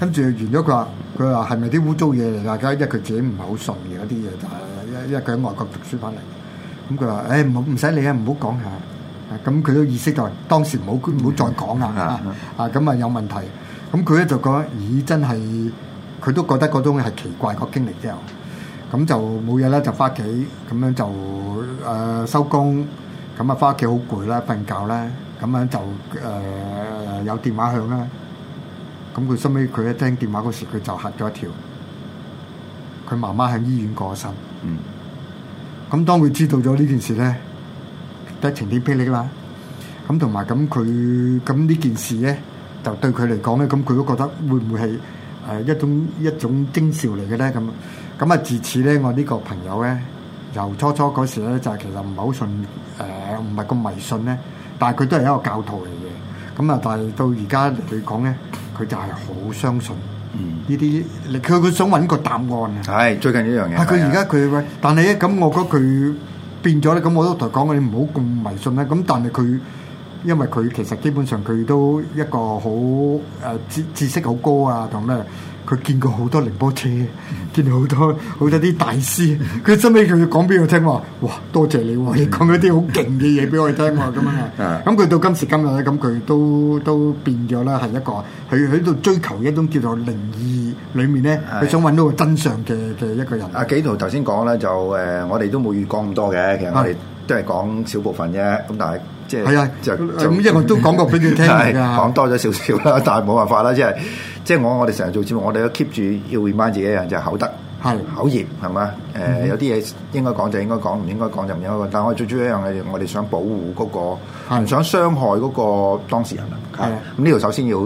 跟住完咗，佢話：佢話係咪啲污糟嘢嚟？大家即係佢自己唔係好信嘅嗰啲嘢，但係、就是、因為佢喺外國讀書翻嚟，咁佢話：誒唔好唔使理啊，唔好講嚇。咁佢都意識到、就是，當時唔好唔好再講啦。嗯嗯嗯啊，咁啊有問題。咁佢咧就覺得：「咦，真係佢都覺得嗰種係奇怪嘅、那個、經歷之後，咁就冇嘢啦，就翻屋企咁樣就誒收工。呃咁啊，返屋企好攰啦，瞓覺啦。咁、嗯、樣就誒、呃、有電話響啦。咁佢收尾佢一聽電話嗰時，佢就嚇咗一跳。佢媽媽喺醫院過身。嗯。咁當佢知道咗呢件事咧，得晴天霹靂啦。咁同埋咁佢咁呢件事咧，就對佢嚟講咧，咁佢都覺得會唔會係誒一種一種徵兆嚟嘅咧？咁咁啊，自此咧，我呢個朋友咧。由初初嗰時咧，就係其實唔係好信，誒唔係咁迷信咧。但係佢都係一個教徒嚟嘅。咁啊，但係到而家嚟講咧，佢就係好相信呢啲。佢佢、嗯、想揾個答案啊！係、嗯、最近呢樣嘢。啊！佢而家佢，但係咧咁，我覺得佢變咗咧。咁我都同佢講，你唔好咁迷信啦。咁但係佢，因為佢其實基本上佢都一個好誒、呃、知知識好高啊，同咩。佢見過好多靈波車，見到好多好多啲大師。佢心尾佢要講俾我聽話，哇！多謝你、啊，你講咗啲好勁嘅嘢俾我哋聽喎咁樣啊！咁佢 *laughs* 到今時今日咧，咁佢都都變咗啦，係一個佢喺度追求一種叫做靈異裏面咧，佢的想揾到個真相嘅嘅一個人。阿、啊、紀陶頭先講咧就誒、呃，我哋都冇預講咁多嘅，其實我哋都係講少部分啫。咁但係。係啊， *noise* 就咁因為都講過俾你聽㗎，講多咗少少啦，但係冇辦法啦，即係即係我我哋成日做節目，我哋都 keep 住要 remind 自己嘅人就係、口德、是的 口業係嘛？誒，呃、是的 有啲嘢應該講就應該講，唔應該講就唔應該講。但係我最主要一樣嘢，我哋想保護嗰、嗰個，唔是的 想傷害嗰個當事人啊。咁呢度首先要。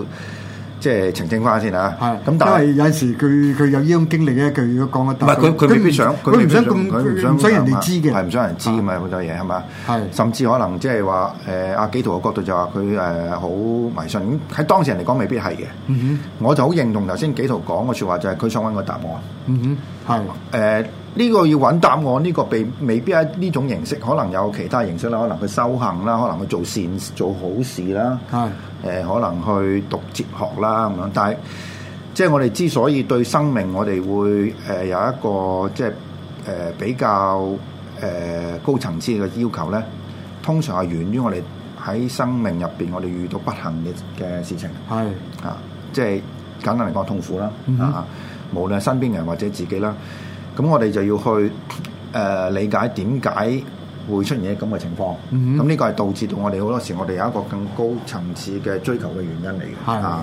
即係澄清翻先啊！咁因為有陣時佢佢有呢種經歷咧，佢如果講個答案，佢佢想佢唔想，咁佢唔想想，想人哋知嘅，係唔想人知嘛，好多嘢係嘛？係的是的 甚至可能即係話，誒阿紀陶嘅角度就話佢誒好迷信，喺當事人嚟講未必係嘅。嗯、哼 我就好認同頭先紀陶講嘅説話，就係佢想搵個答案。嗯、哼，係誒、嗯。嗯呢個要揾答案，呢、呢個未未必喺呢種形式，可能有其他形式啦，可能去修行啦，可能去做善事，做好事啦，係誒是、呃、可能去讀哲學啦咁樣，但係即係我哋之所以對生命我，我哋會誒有一個即係誒、呃、比較誒、呃、高層次嘅要求咧，通常係源於我哋喺生命入邊我哋遇到不幸嘅嘅事情係是啊，即係簡單嚟講痛苦啦，嗯、哼啊，無論係身邊人或者自己啦。咁我哋就要去誒、呃、理解點解會出現啲咁嘅情況，咁呢、嗯、哼個係導致到我哋好多時我哋有一個更高層次嘅追求嘅原因嚟嘅。係、嗯、哼啊，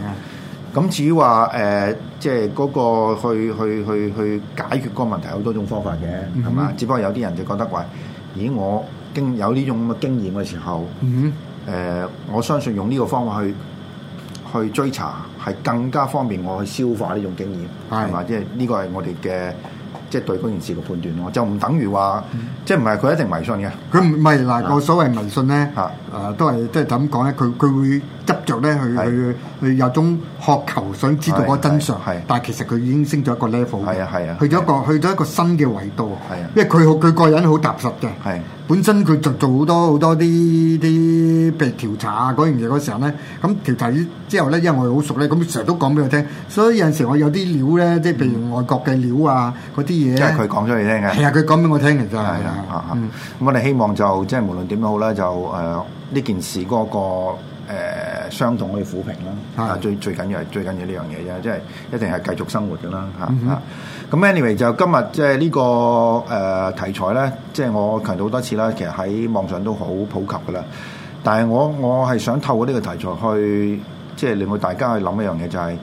咁至於話誒、呃，即係嗰個去去去去解決嗰個問題，有好多種方法嘅，係嘛、嗯哼？只不過有啲人就覺得喂，咦，我經有呢種咁嘅經驗嘅時候，誒、嗯哼呃，我相信用呢個方法去去追查係更加方便我去消化呢種經驗，係嘛、嗯哼？即係呢個係我哋嘅。即係對嗰件事嘅判斷咯，就唔等於話，即係唔係佢一定迷信嘅。佢唔係嗱個所謂迷信咧，嚇，誒都係即係噉講咧？佢佢會執着咧，去去去有種渴求，想知道嗰真相。係，但係其實佢已經升咗一個 level 嘅，啊，係啊，去咗一個去咗一個新嘅維度。係啊，因為佢好佢個人好踏實嘅。係。本身佢就做好多好多啲啲，譬如調查啊嗰樣嘢嗰時候咧，咁調查之後咧，因為我哋好熟咧，咁成日都講俾我聽，所以有陣時我有啲料咧，即係譬如外國嘅料啊嗰啲嘢，即係佢講咗你聽嘅，係啊，佢講俾我聽嚟㗎，係啊，咁、嗯、我哋希望就即係無論點樣好咧，就誒呢、呃、件事嗰、那個誒、呃、傷痛可以撫平啦，係的最最緊要係最緊要呢樣嘢啫，即係一定係繼續生活㗎啦，嚇。Mm hmm. 咁 anyway 就今日即係呢個誒題材咧，即係我強調好多次啦。其實喺網上都好普及噶啦。但係我我係想透過呢個題材去，即係令到大家去諗一樣嘢，就係，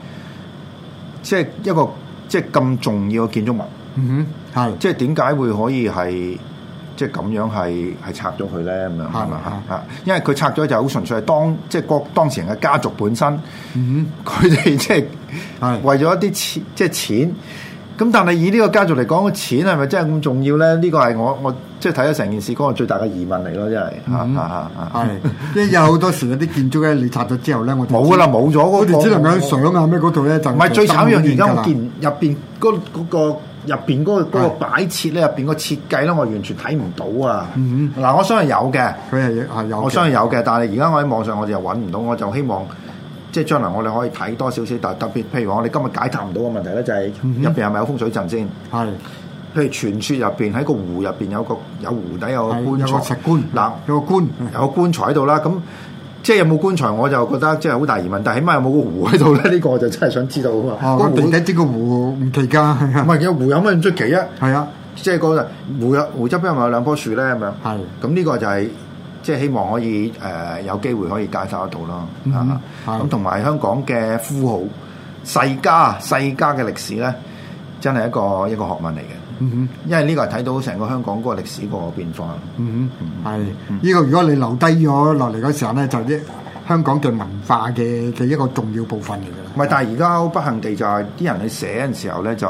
即係一個即係咁重要嘅建築物。嗯哼、mm，係。即係點解會可以係即係咁樣係係拆咗佢咧？咁樣係嘛嚇？Hmm. 因為佢拆咗就好純粹係當即係個當時人嘅家族本身，嗯哼、mm，佢哋即係係為咗一啲錢。即係錢。咁但係以呢個家族嚟講，個錢係咪真係咁重要咧？呢個係我我即係睇咗成件事，嗰個最大嘅疑問嚟咯，真係嚇，即有好多時嗰啲建築咧，你拆咗之後咧，我冇啦，冇咗嗰啲只能夠想啊咩嗰度咧，就唔係最慘一，而家我見啦，入邊嗰嗰個入邊嗰個嗰個擺設咧，入邊是個設計咧，我完全睇唔到啊！嗱我相信有嘅，佢係係有，我相信有嘅，但係而家我喺網上我哋又揾唔到，我就希望。即係將來我哋可以睇多少少，但特別譬如話我哋今日解答唔到嘅問題咧，就係入邊係咪有風水陣先？係，譬如傳說入邊喺個湖入邊有個有湖底有個棺材，有個石棺，嗱有個棺有個棺材喺度啦。咁即係有冇棺材，我就覺得即係好大疑問。但係起碼有冇個湖喺度咧？呢個我就真係想知道啊！個湖一啲個湖唔奇噶，唔係個湖有咩嘢出奇啊？係啊，即係個湖有湖側邊唔係有兩棵樹咧，咁樣係。咁呢個就係。即係希望可以誒、呃、有機會可以介紹得到咯，啊咁同埋香港嘅富豪世家世家嘅歷史咧，真係一個一個學問嚟嘅。嗯哼、mm，hmm. 因為呢個係睇到成個香港嗰個歷史個變化。嗯哼，係呢、這個如果你留低咗落嚟嗰時候咧，就即、是、係香港對文化嘅嘅一個重要部分嚟嘅。唔係，但係而家好不幸地就係、是、啲人去寫嘅時候咧，就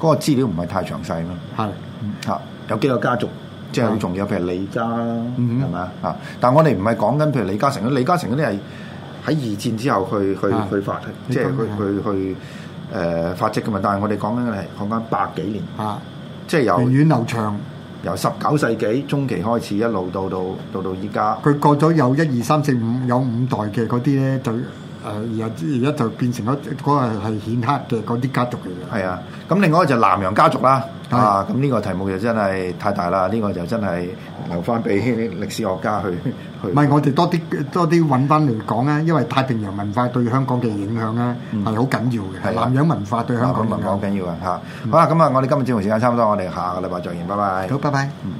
嗰個資料唔係太詳細咯。係、mm，嚇、hmm. 啊、有幾個家族。即係好重要，譬如李家啦，係咪啊？吧啊！但係我哋唔係講緊譬如李嘉誠，李嘉誠嗰啲係喺二戰之後去、啊、去、啊、去發，即係、啊、去佢佢誒發跡嘅嘛。但係我哋講緊係講緊百幾年啊，即係由源遠流長，由十九世紀中期開始，一路到到到到依家，佢過咗有一二三四五有五代嘅嗰啲咧，最。誒，而家而家就變成咗嗰個係顯赫嘅嗰啲家族嚟嘅。係啊，咁另外就南洋家族啦。啊，咁呢、啊、個題目就真係太大啦，呢、這個就真係留翻俾歷史學家去去。唔係，我哋多啲多啲揾翻嚟講咧、啊，因為太平洋文化對香港嘅影響咧係好緊要嘅。啊、南洋文化對香港文化好緊要嘅嚇。好啦，咁啊，啊嗯、我哋今日節目時間差唔多，我哋下個禮拜再見，拜拜。好，拜拜。嗯。